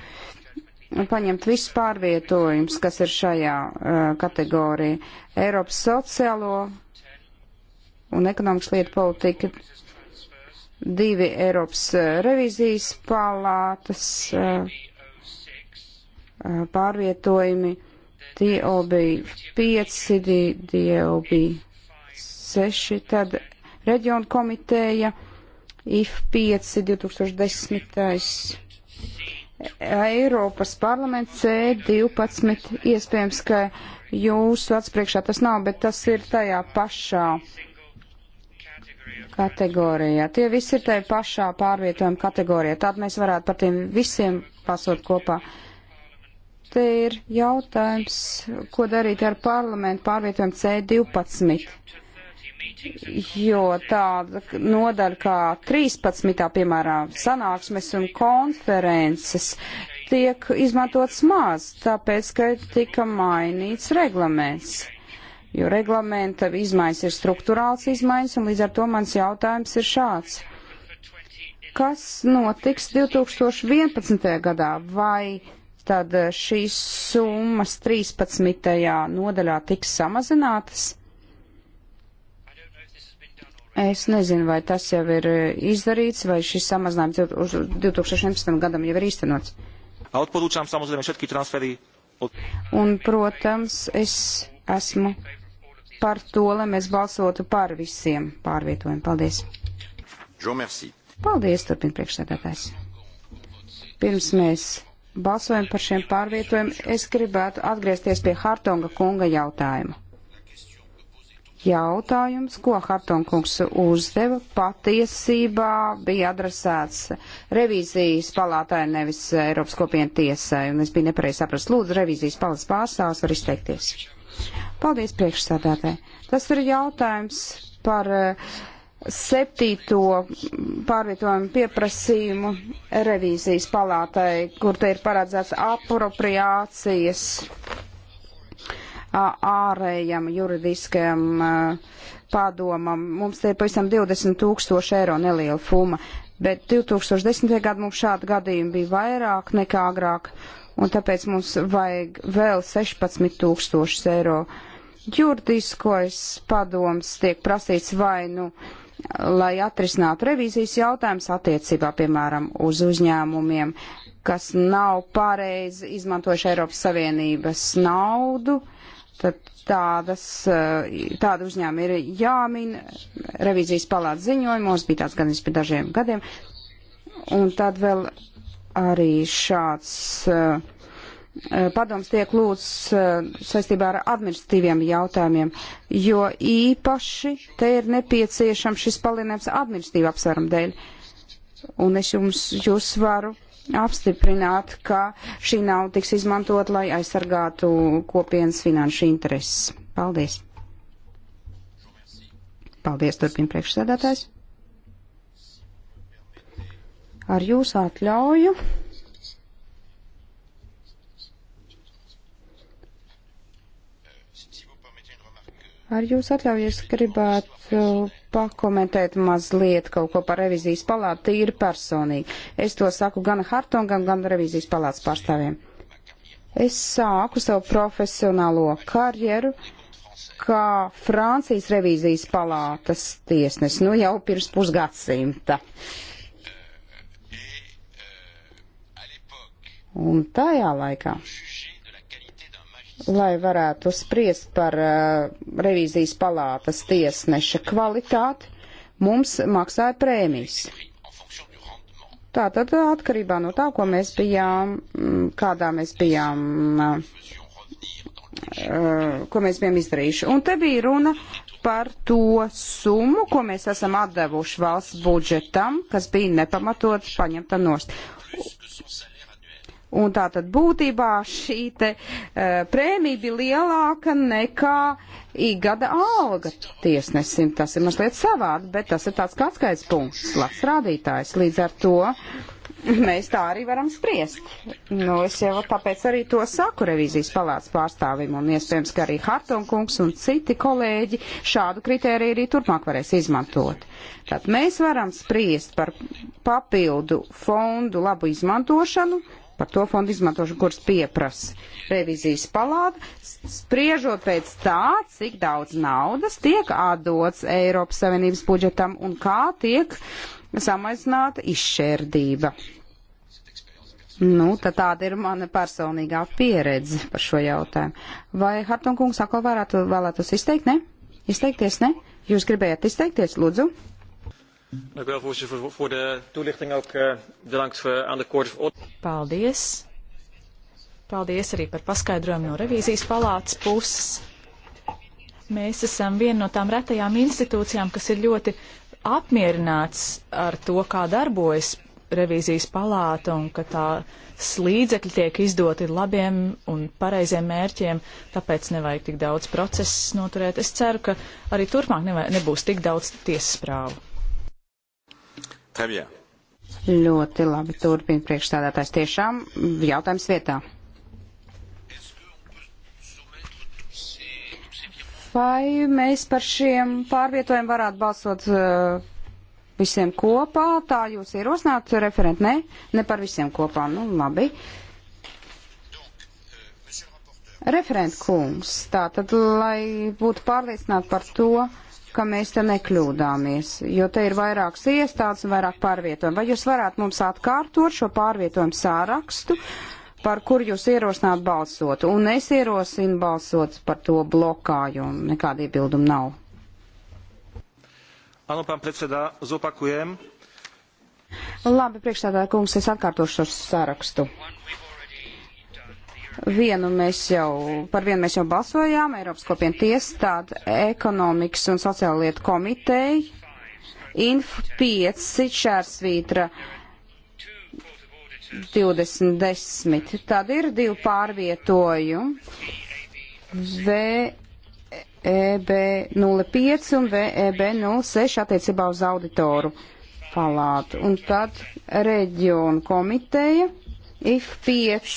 paņemt visus pārvietojumus, kas ir šajā uh, kategorijā. Eiropas sociālo un ekonomikas lietu politika, divi Eiropas uh, revizijas palātas uh, uh pārvietojumi, DOB 5, DOB 6, tad reģionu komiteja, IF 5, 2010. Eiropas parlaments C12 iespējams, ka jūsu atspriekšā tas nav, bet tas ir tajā pašā kategorijā. Tie visi ir tajā pašā pārvietojuma kategorijā. Tātad mēs varētu par tiem visiem pasot kopā. Te ir jautājums, ko darīt ar parlamentu pārvietojumu C12 jo tāda nodaļa kā 13. piemēram sanāksmes un konferences tiek izmantots maz, tāpēc, ka tika mainīts reglaments. Jo reglamenta izmaiņas ir struktūrāls izmaiņas, un līdz ar to mans jautājums ir šāds. Kas notiks 2011. gadā? Vai tad šīs summas 13. nodaļā tiks samazinātas? Es nezinu, vai tas jau ir izdarīts, vai šis samazinājums uz 2016. gadam jau ir īstenots. Odporúčam samozrejme všetky transfery. Un, protams, es esmu par to, lai mēs balsotu par visiem pārvietojumiem. Paldies. Paldies, turpina priekšsēdētājs. Pirms mēs balsojam par šiem pārvietojumiem, es gribētu atgriezties pie Hartonga kunga jautājuma jautājums, ko Hartonkungs uzdeva, patiesībā bija adresēts revīzijas palātai, nevis Eiropas kopienu tiesai, un es biju nepareizi saprast. Lūdzu, revīzijas palātas pārstāvs var izteikties. Paldies priekšsādātāji. Tas ir jautājums par eh, septīto pārvietojumu pieprasījumu revīzijas palātai, kur te ir paredzēts apropriācijas ārējam juridiskajam padomam. Mums te ir pavisam 20 tūkstoši eiro neliela fuma, bet 2010. gadu mums šādu gadījumu bija vairāk nekā agrāk, un tāpēc mums vajag vēl 16 tūkstošus eiro. Juridiskais padoms tiek prasīts vai nu lai atrisinātu revīzijas jautājumus attiecībā, piemēram, uz uzņēmumiem, kas nav pareizi izmantojuši Eiropas Savienības naudu. Uh, Tad tādas, eh, tāda uzņēma ir jāmin revīzijas palātas ziņojumos, bija tāds gan pirms dažiem gadiem. Un tad vēl arī šāds uh, padoms tiek lūdzs uh, saistībā ar administratīviem jautājumiem, jo īpaši te ir nepieciešams šis palielinājums administratīvu apsvērumu dēļ. Un es jums, jūs varu apstiprināt, ka šī nauda tiks izmantot, lai aizsargātu kopienas finanšu intereses. Paldies! Paldies, turpina priekšsēdētājs. Ar jūsu atļauju. Ar jūs atļaujies gribētu uh, pakomentēt mazliet kaut ko par revizijas palātu, tīri personīgi. Es to saku gan Hartungam, gan revizijas palātas pārstāvjiem. Es sāku savu profesionālo karjeru kā Francijas revīzijas palātas tiesnes, nu jau pirms pusgadsimta. Un tajā laikā lai varētu spriest par uh, revīzijas palātas tiesneša kvalitāti, mums maksāja prēmijas. Tātad atkarībā no tā, ko mēs bijām, mm, kādā mēs bijām, uh, ko mēs bijām izdarījuši. Un te bija runa par to summu, ko mēs esam atdevuši valsts budžetam, kas bija nepamatot paņemta nost. Un tātad būtībā šī te uh, prēmija bija lielāka nekā ikgada alga tiesnesim. Tas ir mazliet savādi, bet tas ir tāds kā atskaits punkts, labs rādītājs. Līdz ar to mēs tā arī varam spriest. Nu, es jau tāpēc arī to saku revīzijas palāts pārstāvim, un iespējams, ka arī Hartunkungs un citi kolēģi šādu kritēriju arī turpmāk varēs izmantot. Tad mēs varam spriest par papildu fondu labu izmantošanu, par to fondu izmantošanu, kuras pieprasa revizijas palāda, spriežot pēc tā, cik daudz naudas tiek atdots Eiropas Savienības budžetam un kā tiek samazināta izšķērdība. Nu, tad tāda ir mana personīgā pieredze par šo jautājumu. Vai Hartunkungs atkal varētu vēlētos izteikt, ne? Izteikties, ne? Jūs gribējāt izteikties, lūdzu? Dank u wel, voorzitter, voor, voor de toelichting. Ook uh, eh, bedankt uh, aan de Court of Audit. Paldies. Paldies arī par paskaidrojumu no revīzijas palātas puses. Mēs esam viena no tām retajām institūcijām, kas ir ļoti apmierināts ar to, kā darbojas revīzijas palāta un ka tā slīdzekļi tiek izdoti labiem un pareiziem mērķiem, tāpēc nevajag tik daudz procesus noturēt. Es ceru, ka arī turpmāk nebūs tik daudz tiesasprāvu. Très bien. Ļoti labi. Turpina priekšstādātājs. Tiešām jautājums vietā. Vai mēs par šiem pārvietojumiem varētu balsot uh, visiem kopā? Tā jūs ierosināt, referent, ne? Ne par visiem kopā. Nu, labi. Referent kungs, tā tad, lai būtu pārliecināti par to, uh, ka mēs te nekļūdāmies, jo te ir vairākas iestādes un vairāk pārvietojumu. Vai jūs varētu mums atkārtot šo pārvietojumu sārakstu, par kur jūs ierosināt balsot? Un es ierosinu balsot par to blokā, jo nekāda iebilduma nav. Ano, pán predsedā, zopakujem. Labi, priekšstādā kungs, es atkārtošu šo sārakstu. Vienu mēs jau, par vienu mēs jau balsojām, Eiropas kopienu tiesa, tāda ekonomikas un sociāla lieta komiteja, Inf 5, Čērsvītra 2010. Tad ir divi pārvietojumi. VEB 05 un VEB 06 attiecībā uz auditoru palātu. Un tad reģionu komiteja IF 5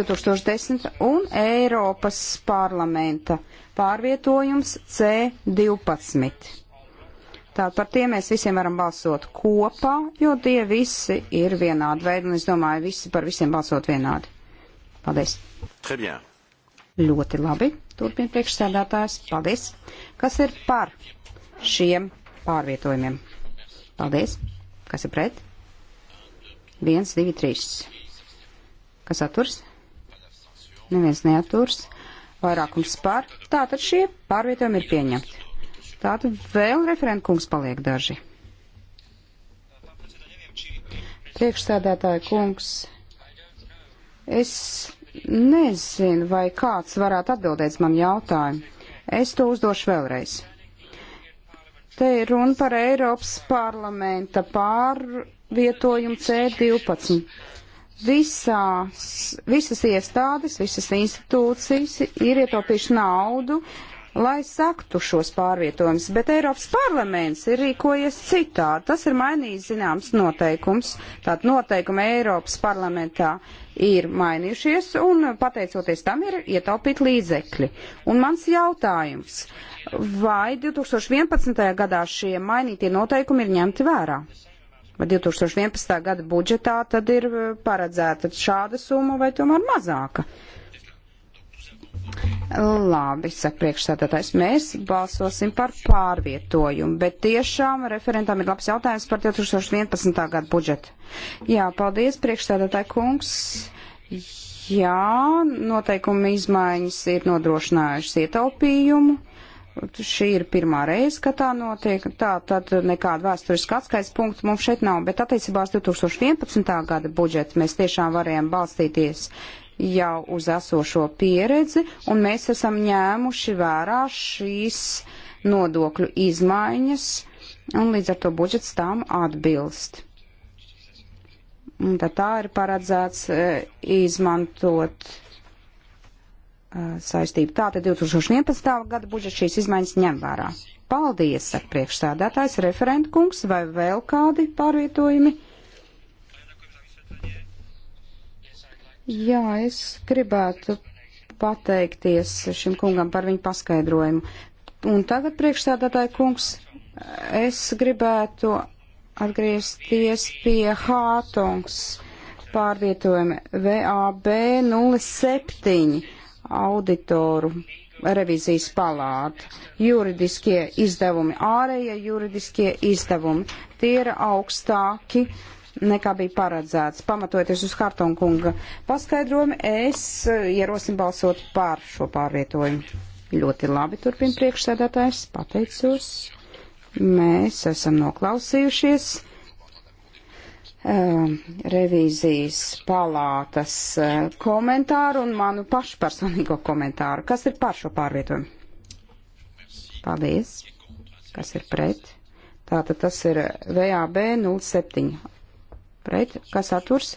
2010 un Eiropas parlamenta pārvietojums C12. Tātad par tiem mēs visiem varam balsot kopā, jo tie visi ir vienādi veidi, un es domāju, visi par visiem balsot vienādi. Paldies. Ļoti labi. Turpin priekšsēdētājs. Paldies. Kas ir par šiem pārvietojumiem? Paldies. Kas ir pret? 1, 2, 3. Kas atturs? neviens neaturs, vairākums par, tātad šie pārvietojumi ir pieņemti. Tātad vēl referentkungs paliek daži. Priekšsēdētāja kungs, es nezinu, vai kāds varētu atbildēt man jautājumu. Es to uzdošu vēlreiz. Te ir runa par Eiropas parlamenta pārvietojumu C12 visās, visas iestādes, visas institūcijas ir ietaupījuši naudu, lai saktu šos pārvietojumus, bet Eiropas parlaments ir rīkojies citādi. Tas ir mainījis zināms noteikums. Tātad noteikumi Eiropas parlamentā ir mainījušies un pateicoties tam ir ietaupīti līdzekļi. Un mans jautājums, vai 2011. gadā šie mainītie noteikumi ir ņemti vērā? vai 2011. gada budžetā tad ir eh, paredzēta šāda summa vai tomēr mazāka? Labi, saka priekšsēdētājs, mēs balsosim par pārvietojumu, bet tiešām referentam ir labs jautājums par 2011. gada budžetu. Jā, paldies, priekšsēdētāji kungs. Jā, noteikumi izmaiņas ir nodrošinājušas ietaupījumu Šī ir pirmā reize, kad tā notiek, tā tad nekāda vēsturiska atskaits punkta mums šeit nav, bet attiecībā uz 2011. gada budžetu mēs tiešām varējām balstīties jau uz esošo pieredzi, un mēs esam ņēmuši vērā šīs nodokļu izmaiņas, un līdz ar to budžets tām atbilst. Un tad tā ir paredzēts eh, izmantot saistību. Tātad 2011. gada budžets šīs izmaiņas ņem vērā. Paldies, saka priekšsēdētājs, referentkungs, vai vēl kādi pārvietojumi? Jā, es gribētu pateikties šim kungam par viņu paskaidrojumu. Un tagad, priekšsēdētāji kungs, es gribētu atgriezties pie Hātungs pārvietojuma VAB 07 auditoru revizijas palāta, juridiskie izdevumi, ārējie juridiskie izdevumi, tie ir augstāki nekā bija paredzēts. Pamatojoties uz Hartonkunga paskaidrojumu, es eh, ierosinu balsot par šo pārvietojumu. Ļoti labi turpina priekšsēdētājs, pateicos. Mēs esam noklausījušies. Ehm, revīzijas palātas eh, komentāru un manu pašu personīgo komentāru. Kas ir par šo pārvietojumu? Paldies. Kas ir pret? Tātad tas ir VAB 07. Pret? Kas atturs?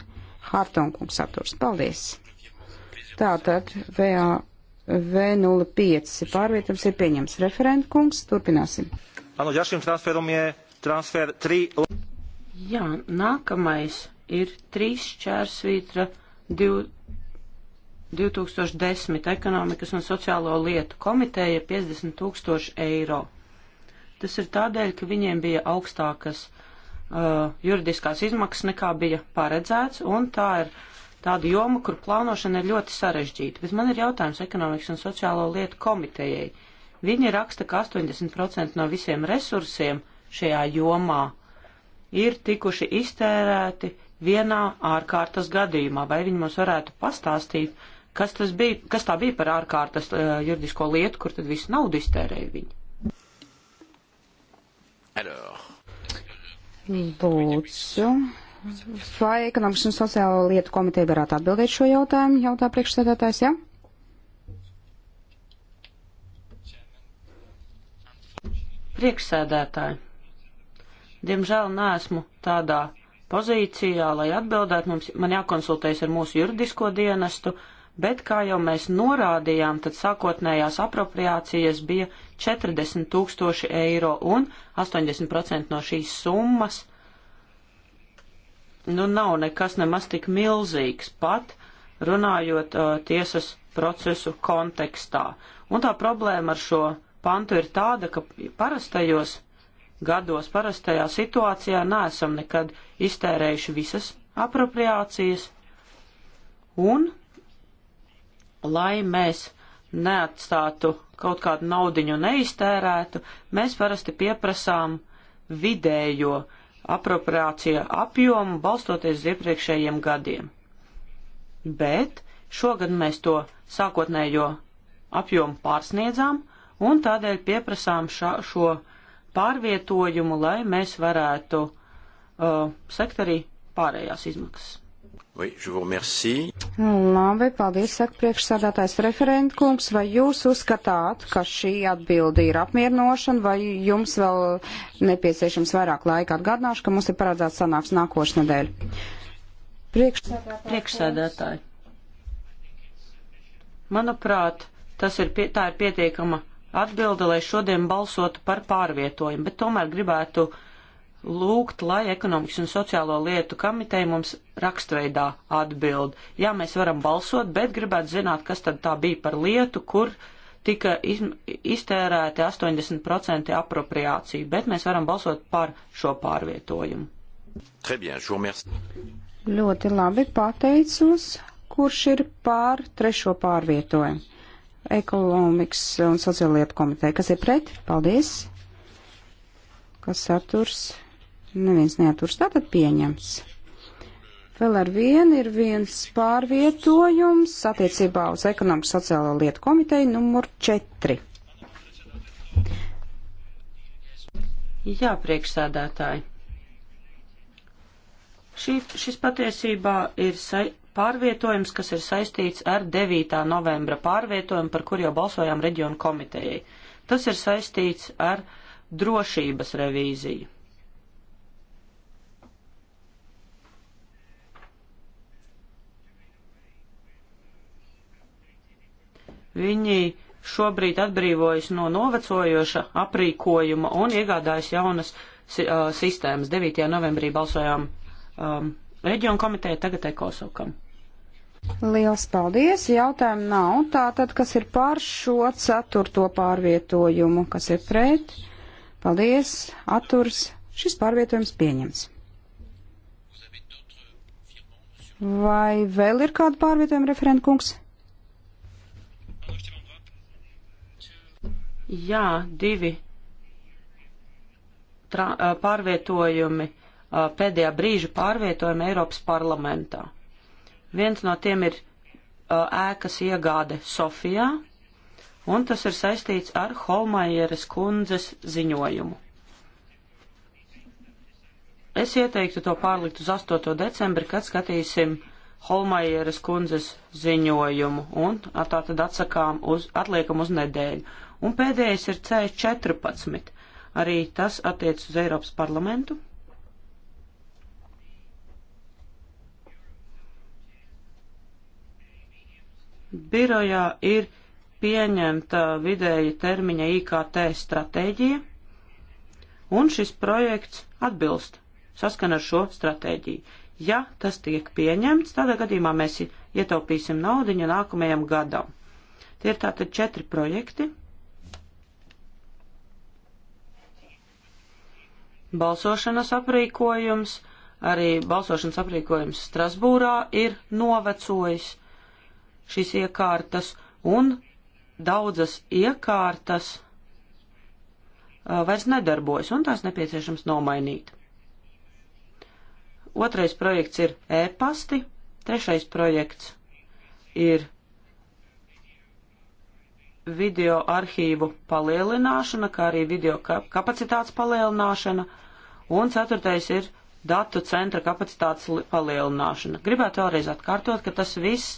Hartunkungs atturs. Paldies. Tātad VAB 05 pārvietojums ir pieņems. Referentkungs, turpināsim. Ano, ďalším transferom je transfer 3. Jā, nākamais ir 3 čērsvītra 2010 ekonomikas un sociālo lietu komiteja 50 tūkstoši eiro. Tas ir tādēļ, ka viņiem bija augstākas uh, juridiskās izmaksas nekā bija paredzēts, un tā ir tāda joma, kur plānošana ir ļoti sarežģīta. Bet man ir jautājums ekonomikas un sociālo lietu komitejai. Viņi raksta, ka 80% no visiem resursiem šajā jomā uh, ir tikuši iztērēti vienā ārkārtas gadījumā. Vai viņi mums varētu pastāstīt, kas, tas bija, kas tā bija par ārkārtas uh, juridisko lietu, kur tad visu naudu iztērēja viņi? Alors. Lūdzu. Vai ekonomikas un sociālo lietu komiteja varētu atbildēt šo jautājumu? Jautā priekšsēdētājs, jā? Ja? priekšsēdētāji. Diemžēl neesmu tādā pozīcijā, lai atbildētu. Mums, man jākonsultējas ar mūsu juridisko dienestu, bet, kā jau mēs norādījām, tad sākotnējās apropriācijas bija 40 tūkstoši eiro un 80% no šīs summas. Nu, nav nekas nemaz tik milzīgs pat, runājot uh, tiesas procesu kontekstā. Un tā problēma ar šo pantu ir tāda, ka parastajos gados parastajā situācijā neesam nekad iztērējuši visas apropriācijas, un lai mēs neatstātu kaut kādu naudiņu neiztērētu, mēs parasti pieprasām vidējo apropriācija apjomu balstoties uz iepriekšējiem gadiem. Bet šogad mēs to sākotnējo apjomu pārsniedzām un tādēļ pieprasām šā, šo pārvietojumu, lai mēs varētu uh, sekt arī pārējās izmaksas. Oui, Labi, paldies, saka priekšsādātājs referentkungs. Vai jūs uzskatāt, ka šī atbilde ir apmierinošana, vai jums vēl nepieciešams vairāk laika? Atgādināšu, ka mums ir paredzēts sanāks nākošais nedēļa. Priekšsādātāji. priekšsādātāji. Manuprāt, tas ir, pie, tā ir pietiekama atbilde, lai šodien balsotu par pārvietojumu, bet tomēr gribētu lūgt, lai ekonomikas un sociālo lietu komiteja mums rakstveidā atbild. Jā, mēs varam balsot, bet gribētu zināt, kas tad tā bija par lietu, kur tika iztērēti 80% apropriācija, bet mēs varam balsot par šo pārvietojumu. Bien, Ļoti labi pateicos, kurš ir pār trešo pārvietojumu ekonomikas un sociāla lietu komiteja. Kas ir pret? Paldies. Kas atturs? Neviens neaturs. Tātad pieņems. Vēl ar vienu ir viens pārvietojums attiecībā uz ekonomikas sociālo lietu komiteju numur 4. Jā, priekšsēdētāji. Šī, šis patiesībā ir sa pārvietojums, kas ir saistīts ar 9. novembra pārvietojumu, par kur jau balsojām reģionu komitejai. Tas ir saistīts ar drošības revīziju. Viņi šobrīd atbrīvojas no novecojoša aprīkojuma un iegādājas jaunas si uh, sistēmas. 9. novembrī balsojām um, reģionu komiteja, tagad ekosokam. Liels paldies! Jautājumu nav. Tātad, kas ir pār šo ceturto pārvietojumu, kas ir pret? Paldies! Atturs! Šis pārvietojums pieņems. Vai vēl ir kāda pārvietojuma referenta kungs? Jā, divi Tra pārvietojumi, pēdējā brīža pārvietojumi Eiropas parlamentā. Viens no tiem ir uh, ēkas iegāde Sofijā, un tas ir saistīts ar Holmajeres kundzes ziņojumu. Es ieteiktu to pārlikt uz 8. decembri, kad skatīsim Holmajeres kundzes ziņojumu, un tā tad atsakām uz, atliekam uz nedēļu. Un pēdējais ir C14. Arī tas attiec uz Eiropas parlamentu. birojā ir pieņemta vidēja termiņa IKT stratēģija, un šis projekts atbilst saskan ar šo stratēģiju. Ja tas tiek pieņemts, tādā gadījumā mēs ietaupīsim naudiņu nākamajam gadam. Tie ir tātad četri projekti. Balsošanas aprīkojums, arī balsošanas aprīkojums Strasbūrā ir novecojis šīs iekārtas un daudzas iekārtas uh, vairs nedarbojas un tās nepieciešams nomainīt. Otrais projekts ir e-pasti, trešais projekts ir video arhīvu palielināšana, kā arī video kapacitātes palielināšana, un ceturtais ir datu centra kapacitātes palielināšana. Gribētu vēlreiz atkārtot, ka tas viss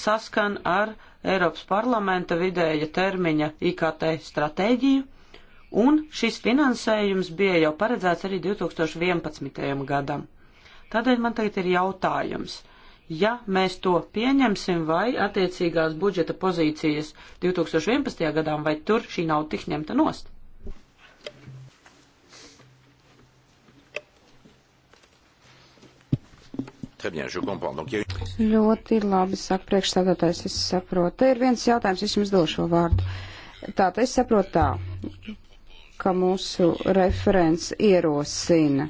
saskan ar Eiropas parlamenta vidēja termiņa IKT stratēģiju, un šis finansējums bija jau paredzēts arī 2011. gadam. Tādēļ man tagad ir jautājums. Ja mēs to pieņemsim, vai attiecīgās budžeta pozīcijas 2011. gadām, vai tur šī nauda tiks ņemta nost? Bien, Donc, ja... Ļoti labi saka priekšstādātājs, es saprotu. Te ir viens jautājums, es jums došu vārdu. Tātad es saprotu tā, ka mūsu referents ierosina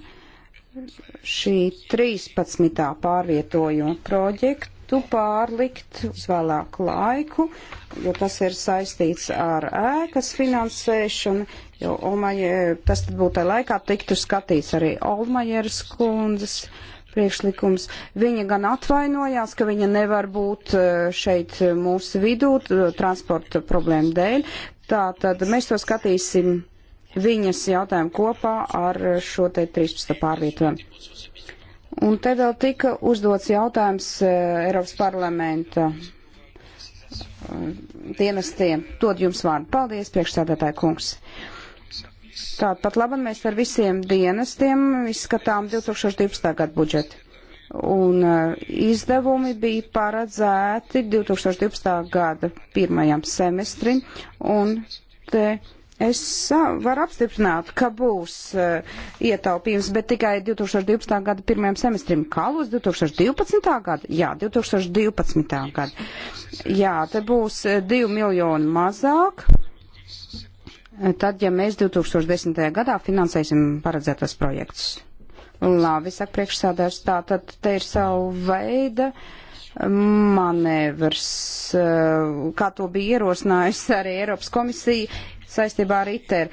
šī 13. pārvietojuma projektu pārlikt uz vēlāku laiku, jo tas ir saistīts ar ēkas finansēšanu, jo Olmajer, tas tad būtu tā laikā tiktu skatīts arī Olmajeras kundzes priekšlikums. Viņa gan atvainojās, ka viņa nevar būt eh, šeit eh, mūsu vidū transporta problēmu dēļ. Tātad mēs to skatīsim viņas jautājumu kopā ar šo te 13. pārvietojumu. Un te vēl tika uzdots jautājums eh, Eiropas parlamenta dienestiem. Dod jums vārdu. Paldies, priekšstādātāji kungs. Uh, Tātad pat labam mēs ar visiem dienestiem izskatām 2012. gadu budžetu. Un eh, izdevumi bija paredzēti 2012. gada pirmajam semestrim, un te es varu apstiprināt, ka būs uh, ietaupījums, bet tikai 2012. gada pirmajam semestrim. Kā būs 2012. gada? Jā, 2012. gada. Jā, te būs 2 eh, miljoni mazāk Tad, ja mēs 2010. gadā finansēsim paredzētos projektus. Labi, saka priekšsādārs, tā tad te ir savu veidu manevrs, eh, kā to bija ierosinājusi arī Eiropas komisija, saistībā ar ITER.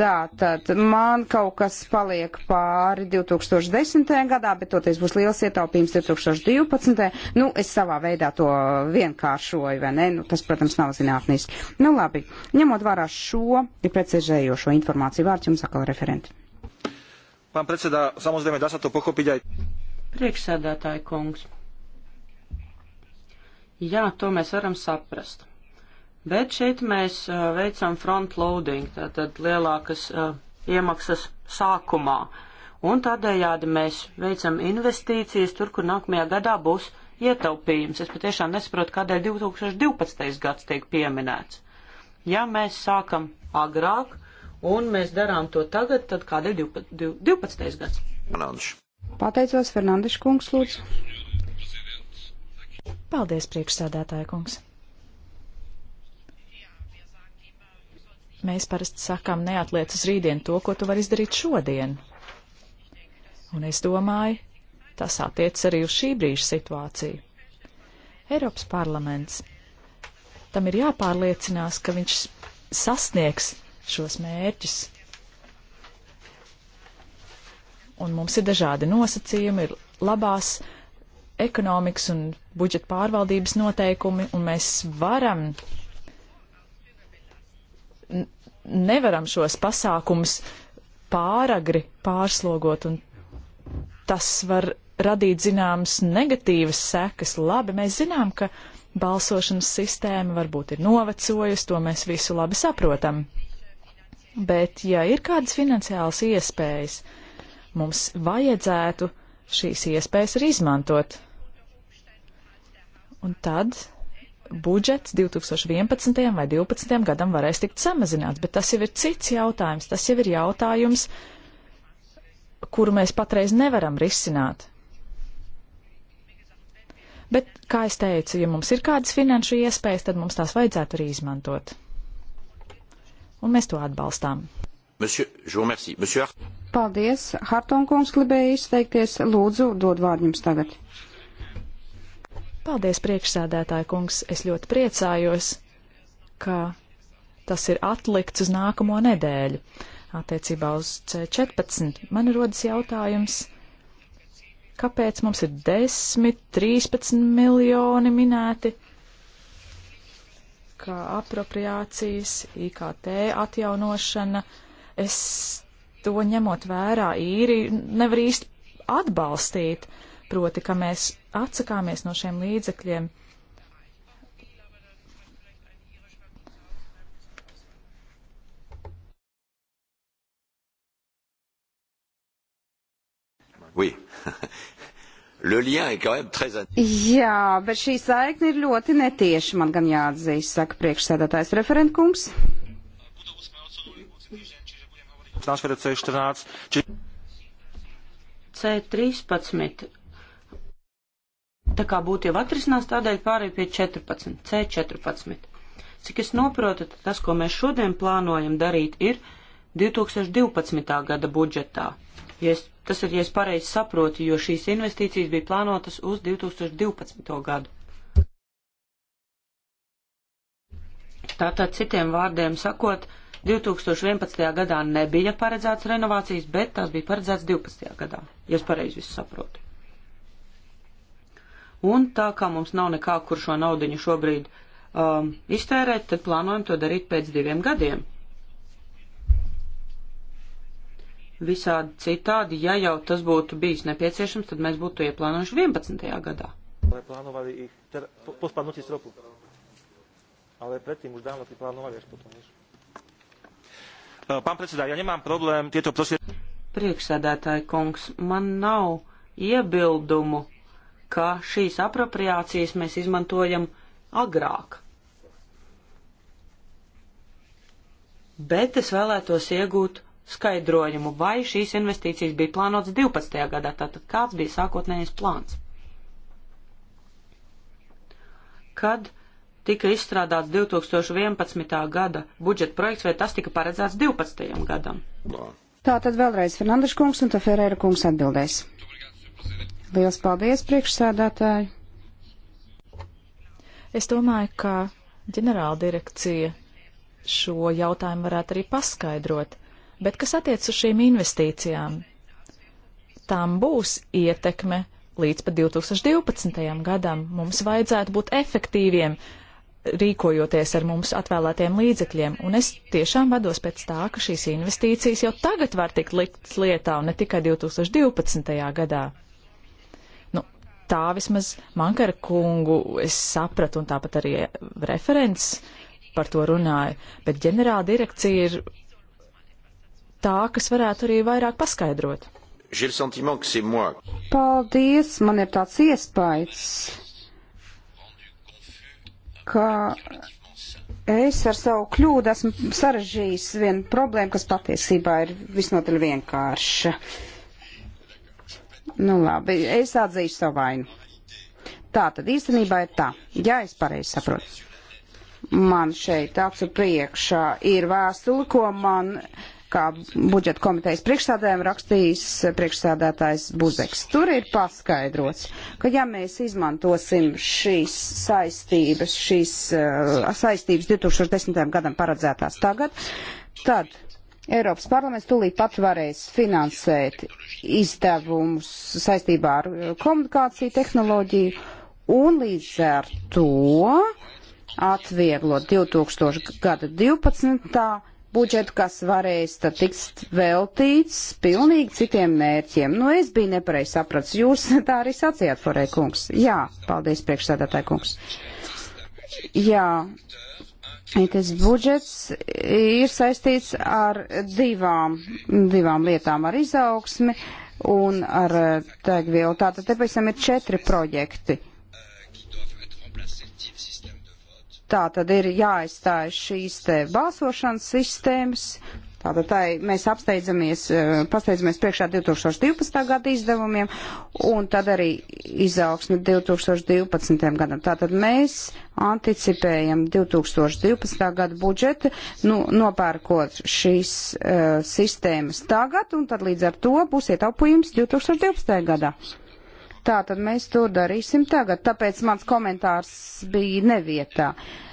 Tātad man kaut kas paliek pāri 2010. gadā, bet toties būs liels ietaupījums 2012. Nu, es savā veidā to vienkāršoju, vai ne? Nu, tas, protams, nav zinātniski. Nu, labi. Ņemot vērā šo ja precizējošo informāciju, vārds jums atkal referenti. Pán predseda, samozrejme, dá sa to pochopiť aj. Priekšsēdētāji kungs. Jā, to mēs varam saprast. Bet šeit mēs uh, veicam front-loading, tātad lielākas uh, iemaksas sākumā. Un tādējādi mēs veicam investīcijas tur, kur nākamajā gadā būs ietaupījums. Es patiešām nesaprotu, kādēļ 2012. gads tiek pieminēts. Ja mēs sākam agrāk un mēs darām to tagad, tad kādēļ 12. gads? Fernandes. Pateicos, Fernandes kungs, lūdzu. Paldies, priekšsādātāja kungs. Mēs parasti sakām, neatliec uz rītdienu to, ko tu vari izdarīt šodien. Un es domāju, tas attiec arī uz šī brīža situāciju. Eiropas parlaments tam ir jāpārliecinās, ka viņš sasniegs šos mērķus. Un mums ir dažādi nosacījumi, ir labās ekonomikas un budžeta pārvaldības noteikumi, un mēs varam nevaram šos pasākumus pāragri pārslogot, un tas var radīt zināmas negatīvas sekas. Labi, mēs zinām, ka balsošanas sistēma varbūt ir novecojusi, to mēs visu labi saprotam. Bet, ja ir kādas finansiālas iespējas, mums vajadzētu šīs iespējas arī izmantot. Un tad budžets 2011. vai 2012. gadam varēs tikt samazināts, bet tas jau ir cits jautājums, tas jau ir jautājums, kuru mēs patreiz nevaram risināt. Bet, kā es teicu, ja mums ir kādas finanšu iespējas, tad mums tās vajadzētu arī izmantot. Un mēs to atbalstām. Monsieur, Monsieur... Paldies, Hartonkungs gribēja izteikties. Lūdzu, dod vārdu jums tagad. Paldies, priekšsēdētāja kungs. Es ļoti priecājos, ka tas ir atlikts uz nākamo nedēļu. Attiecībā uz C14 man rodas jautājums, kāpēc mums ir 10, 13 miljoni minēti, kā apropriācijas, IKT atjaunošana. Es to ņemot vērā īri nevar īsti atbalstīt, proti, ka mēs atsakāmies no šiem līdzekļiem. Oui. Le lien est quand même très Jā, bet šī saikne ir ļoti netieša, man gan jāatzīst, saka priekšsēdētājs referentkungs. C13 tā kā būtu jau atrisinās, tādēļ pārēju pie 14, C14. Cik es noprotu, tas, ko mēs šodien plānojam darīt, ir 2012. gada budžetā. Ja es, tas ir, ja es pareizi saprotu, jo šīs investīcijas bija plānotas uz 2012. gadu. Tātad, citiem vārdiem sakot, 2011. gadā nebija paredzēts renovācijas, bet tās bija paredzēts 12. gadā, ja es pareizi visu saprotu. Un tā kā mums nav nekā, kur šo naudiņu šobrīd um, iztērēt, tad plānojam to darīt pēc diviem gadiem. Visādi citādi, ja jau tas būtu bijis nepieciešams, tad mēs būtu ieplānojuši 11. gadā. Ale predtým už dávno ty plánovali až potom, vieš. Pán predseda, ja nemám problém tieto prosiedky. Priekšsēdētāji kungs, man nav iebildumu ka šīs apropriācijas mēs izmantojam agrāk. Bet es vēlētos iegūt skaidrojumu, vai šīs investīcijas bija plānotas 12. gadā, tātad kāds bija sākotnējais plāns. Kad tika izstrādāts 2011. gada budžeta projekts, vai tas tika paredzēts 12. gadam? Tā tad vēlreiz Fernandes kungs un Taferēra kungs atbildēs. Liels paldies, priekšsēdētāji! Es domāju, ka ģenerāldirekcija šo jautājumu varētu arī paskaidrot, bet kas attiec uz šīm investīcijām? Tām būs ietekme līdz pat 2012. gadam. Mums vajadzētu būt efektīviem, rīkojoties ar mums atvēlētiem līdzekļiem, un es tiešām vados pēc tā, ka šīs investīcijas jau tagad var tikt liktas lietā un ne tikai 2012. gadā tā vismaz Mankara kungu es sapratu, un tāpat arī referents par to runāja, bet ģenerāla direkcija ir tā, kas varētu arī vairāk paskaidrot. Paldies, man ir tāds iespējas, ka es ar savu kļūdu esmu sarežģījis vienu problēmu, kas patiesībā ir visnotaļ vienkārša. Uh, Nu labi, es atzīšu savu vainu. Tā tad īstenībā ir tā, ja es pareizi saprotu. Man šeit acu priekšā ir vēstuli, ko man kā budžeta komitejas priekšsādājiem rakstījis priekšsādātājs Buzeks. Tur ir paskaidrots, ka ja mēs izmantosim šīs saistības, šīs uh, saistības 2010. gadam paredzētās tagad, tad Eiropas parlaments tūlīt pat varēs finansēt izdevumus saistībā ar eh, komunikāciju tehnoloģiju un līdz ar to atvieglot 2012. budžetu, kas varēs tad tikt veltīts pilnīgi citiem mērķiem. Nu, es biju nepareiz saprats. Jūs tā arī sacījāt, Forē kungs. Jā, paldies priekšsēdētāji kungs. Jā, ETS budžets ir saistīts ar divām, divām lietām, ar izaugsmi un ar degvielu. Tātad te pēc tam ir četri projekti. Tā tad ir jāaizstāj šīs te balsošanas sistēmas, Tātad tā, mēs apsteidzamies, eh, pasteidzamies priekšā 2012. gada izdevumiem un tad arī izaugsme 2012. gadam. Tātad mēs anticipējam 2012. gada budžetu, nu, nopērkot šīs uh, sistēmas tagad un tad līdz ar to būs ietaupījums 2012. gadā. Tātad mēs to darīsim tagad, tāpēc mans komentārs bija nevietā. Uh,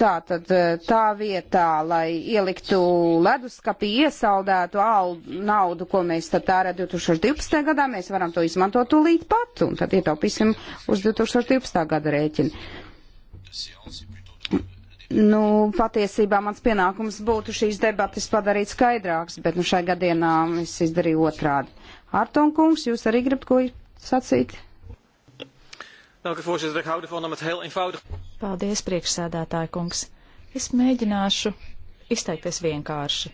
Tātad eh, tā vietā, lai ieliktu leduskapī iesaldētu naudu, ko mēs tad tērē 2012. gadā, mēs varam to izmantot tūlīt pat, un tad ietaupīsim uz 2012. gada rēķinu. Nu, patiesībā mans pienākums būtu šīs debatas padarīt skaidrāks, bet nu šai gadienā es izdarīju otrādi. Artonkungs, jūs arī gribat ko sacīt? Dank u, voorzitter. Ik hou ervan om het heel eenvoudig. Paldies, priekšsēdētāja kungs. Es mēģināšu izteikties vienkārši.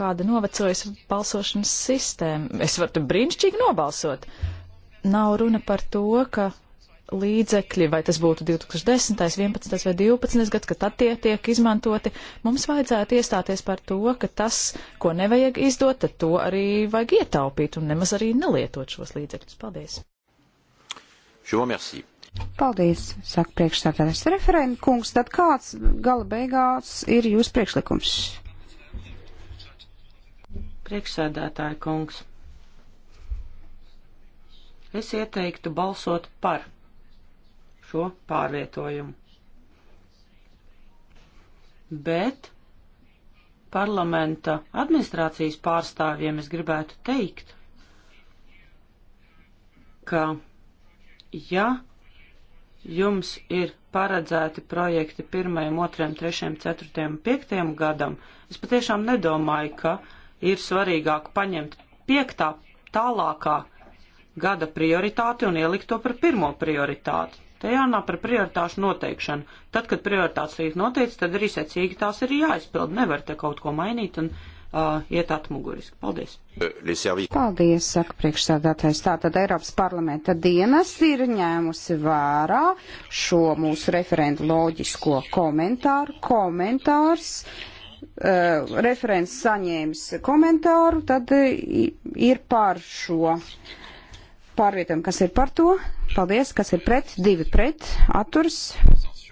Kāda novecojas balsošanas sistēma? Es varu brīnišķīgi nobalsot. Nav runa par to, ka līdzekļi, vai tas būtu 2010, 11 vai 12 gads, ka tad tie tiek izmantoti, mums vajadzētu iestāties par to, ka tas, ko nevajag izdot, tad to arī vajag ietaupīt un nemaz arī nelietot šos līdzekļus. Paldies! Je vous remercie. Paldies, saka priekšstādātājs referenta kungs. Tad kāds gala beigās ir jūsu priekšlikums? Priekšsēdētāja kungs. Es ieteiktu balsot par šo pārvietojumu. Bet parlamenta administrācijas pārstāvjiem es gribētu teikt, ka ja jums ir paredzēti projekti pirmajam, otrajam, trešajam, ceturtajam, piektajam gadam, es patiešām nedomāju, ka ir svarīgāk paņemt piektā tālākā gada prioritāti un ielikt to par pirmo prioritāti. Te jārunā par prioritāšu noteikšanu. Tad, kad prioritātes tiek noteikts, tad arī secīgi tās ir jāizpild. Nevar te kaut ko mainīt un uh, uh, iet atmuguriski. Paldies! Paldies, saka priekšsādātājs. Tātad Eiropas parlamenta dienas ir ņēmusi vērā šo mūsu referentu loģisko komentāru. Komentārs. Uh, referents saņēmis komentāru, tad uh, ir par šo pārvietojumu, kas ir par to. Paldies, kas ir pret, divi pret, atturs,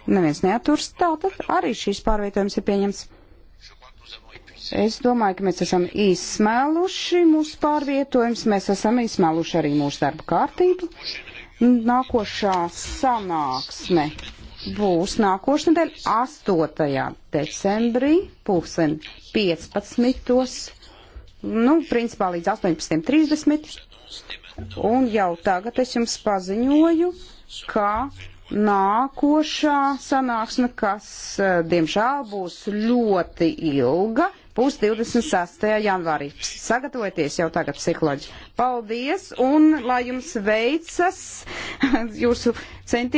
neviens neaturs. Tātad arī šīs pārvietojums ir pieņemts. Es domāju, ka mēs esam izsmēluši mūsu pārvietojums, mēs esam izsmēluši arī mūsu darba kārtību. Nākošā sanāksme būs nākošā nedēļa 8. decembrī, pulksten 15. Nu, principā līdz 18.30. Un jau tagad es jums paziņoju, ka nākošā sanāksme, kas eh, diemžēl būs ļoti ilga, būs 26. janvārī. Sagatavojieties jau tagad psiholoģi. Paldies un lai jums veicas jūsu centieni.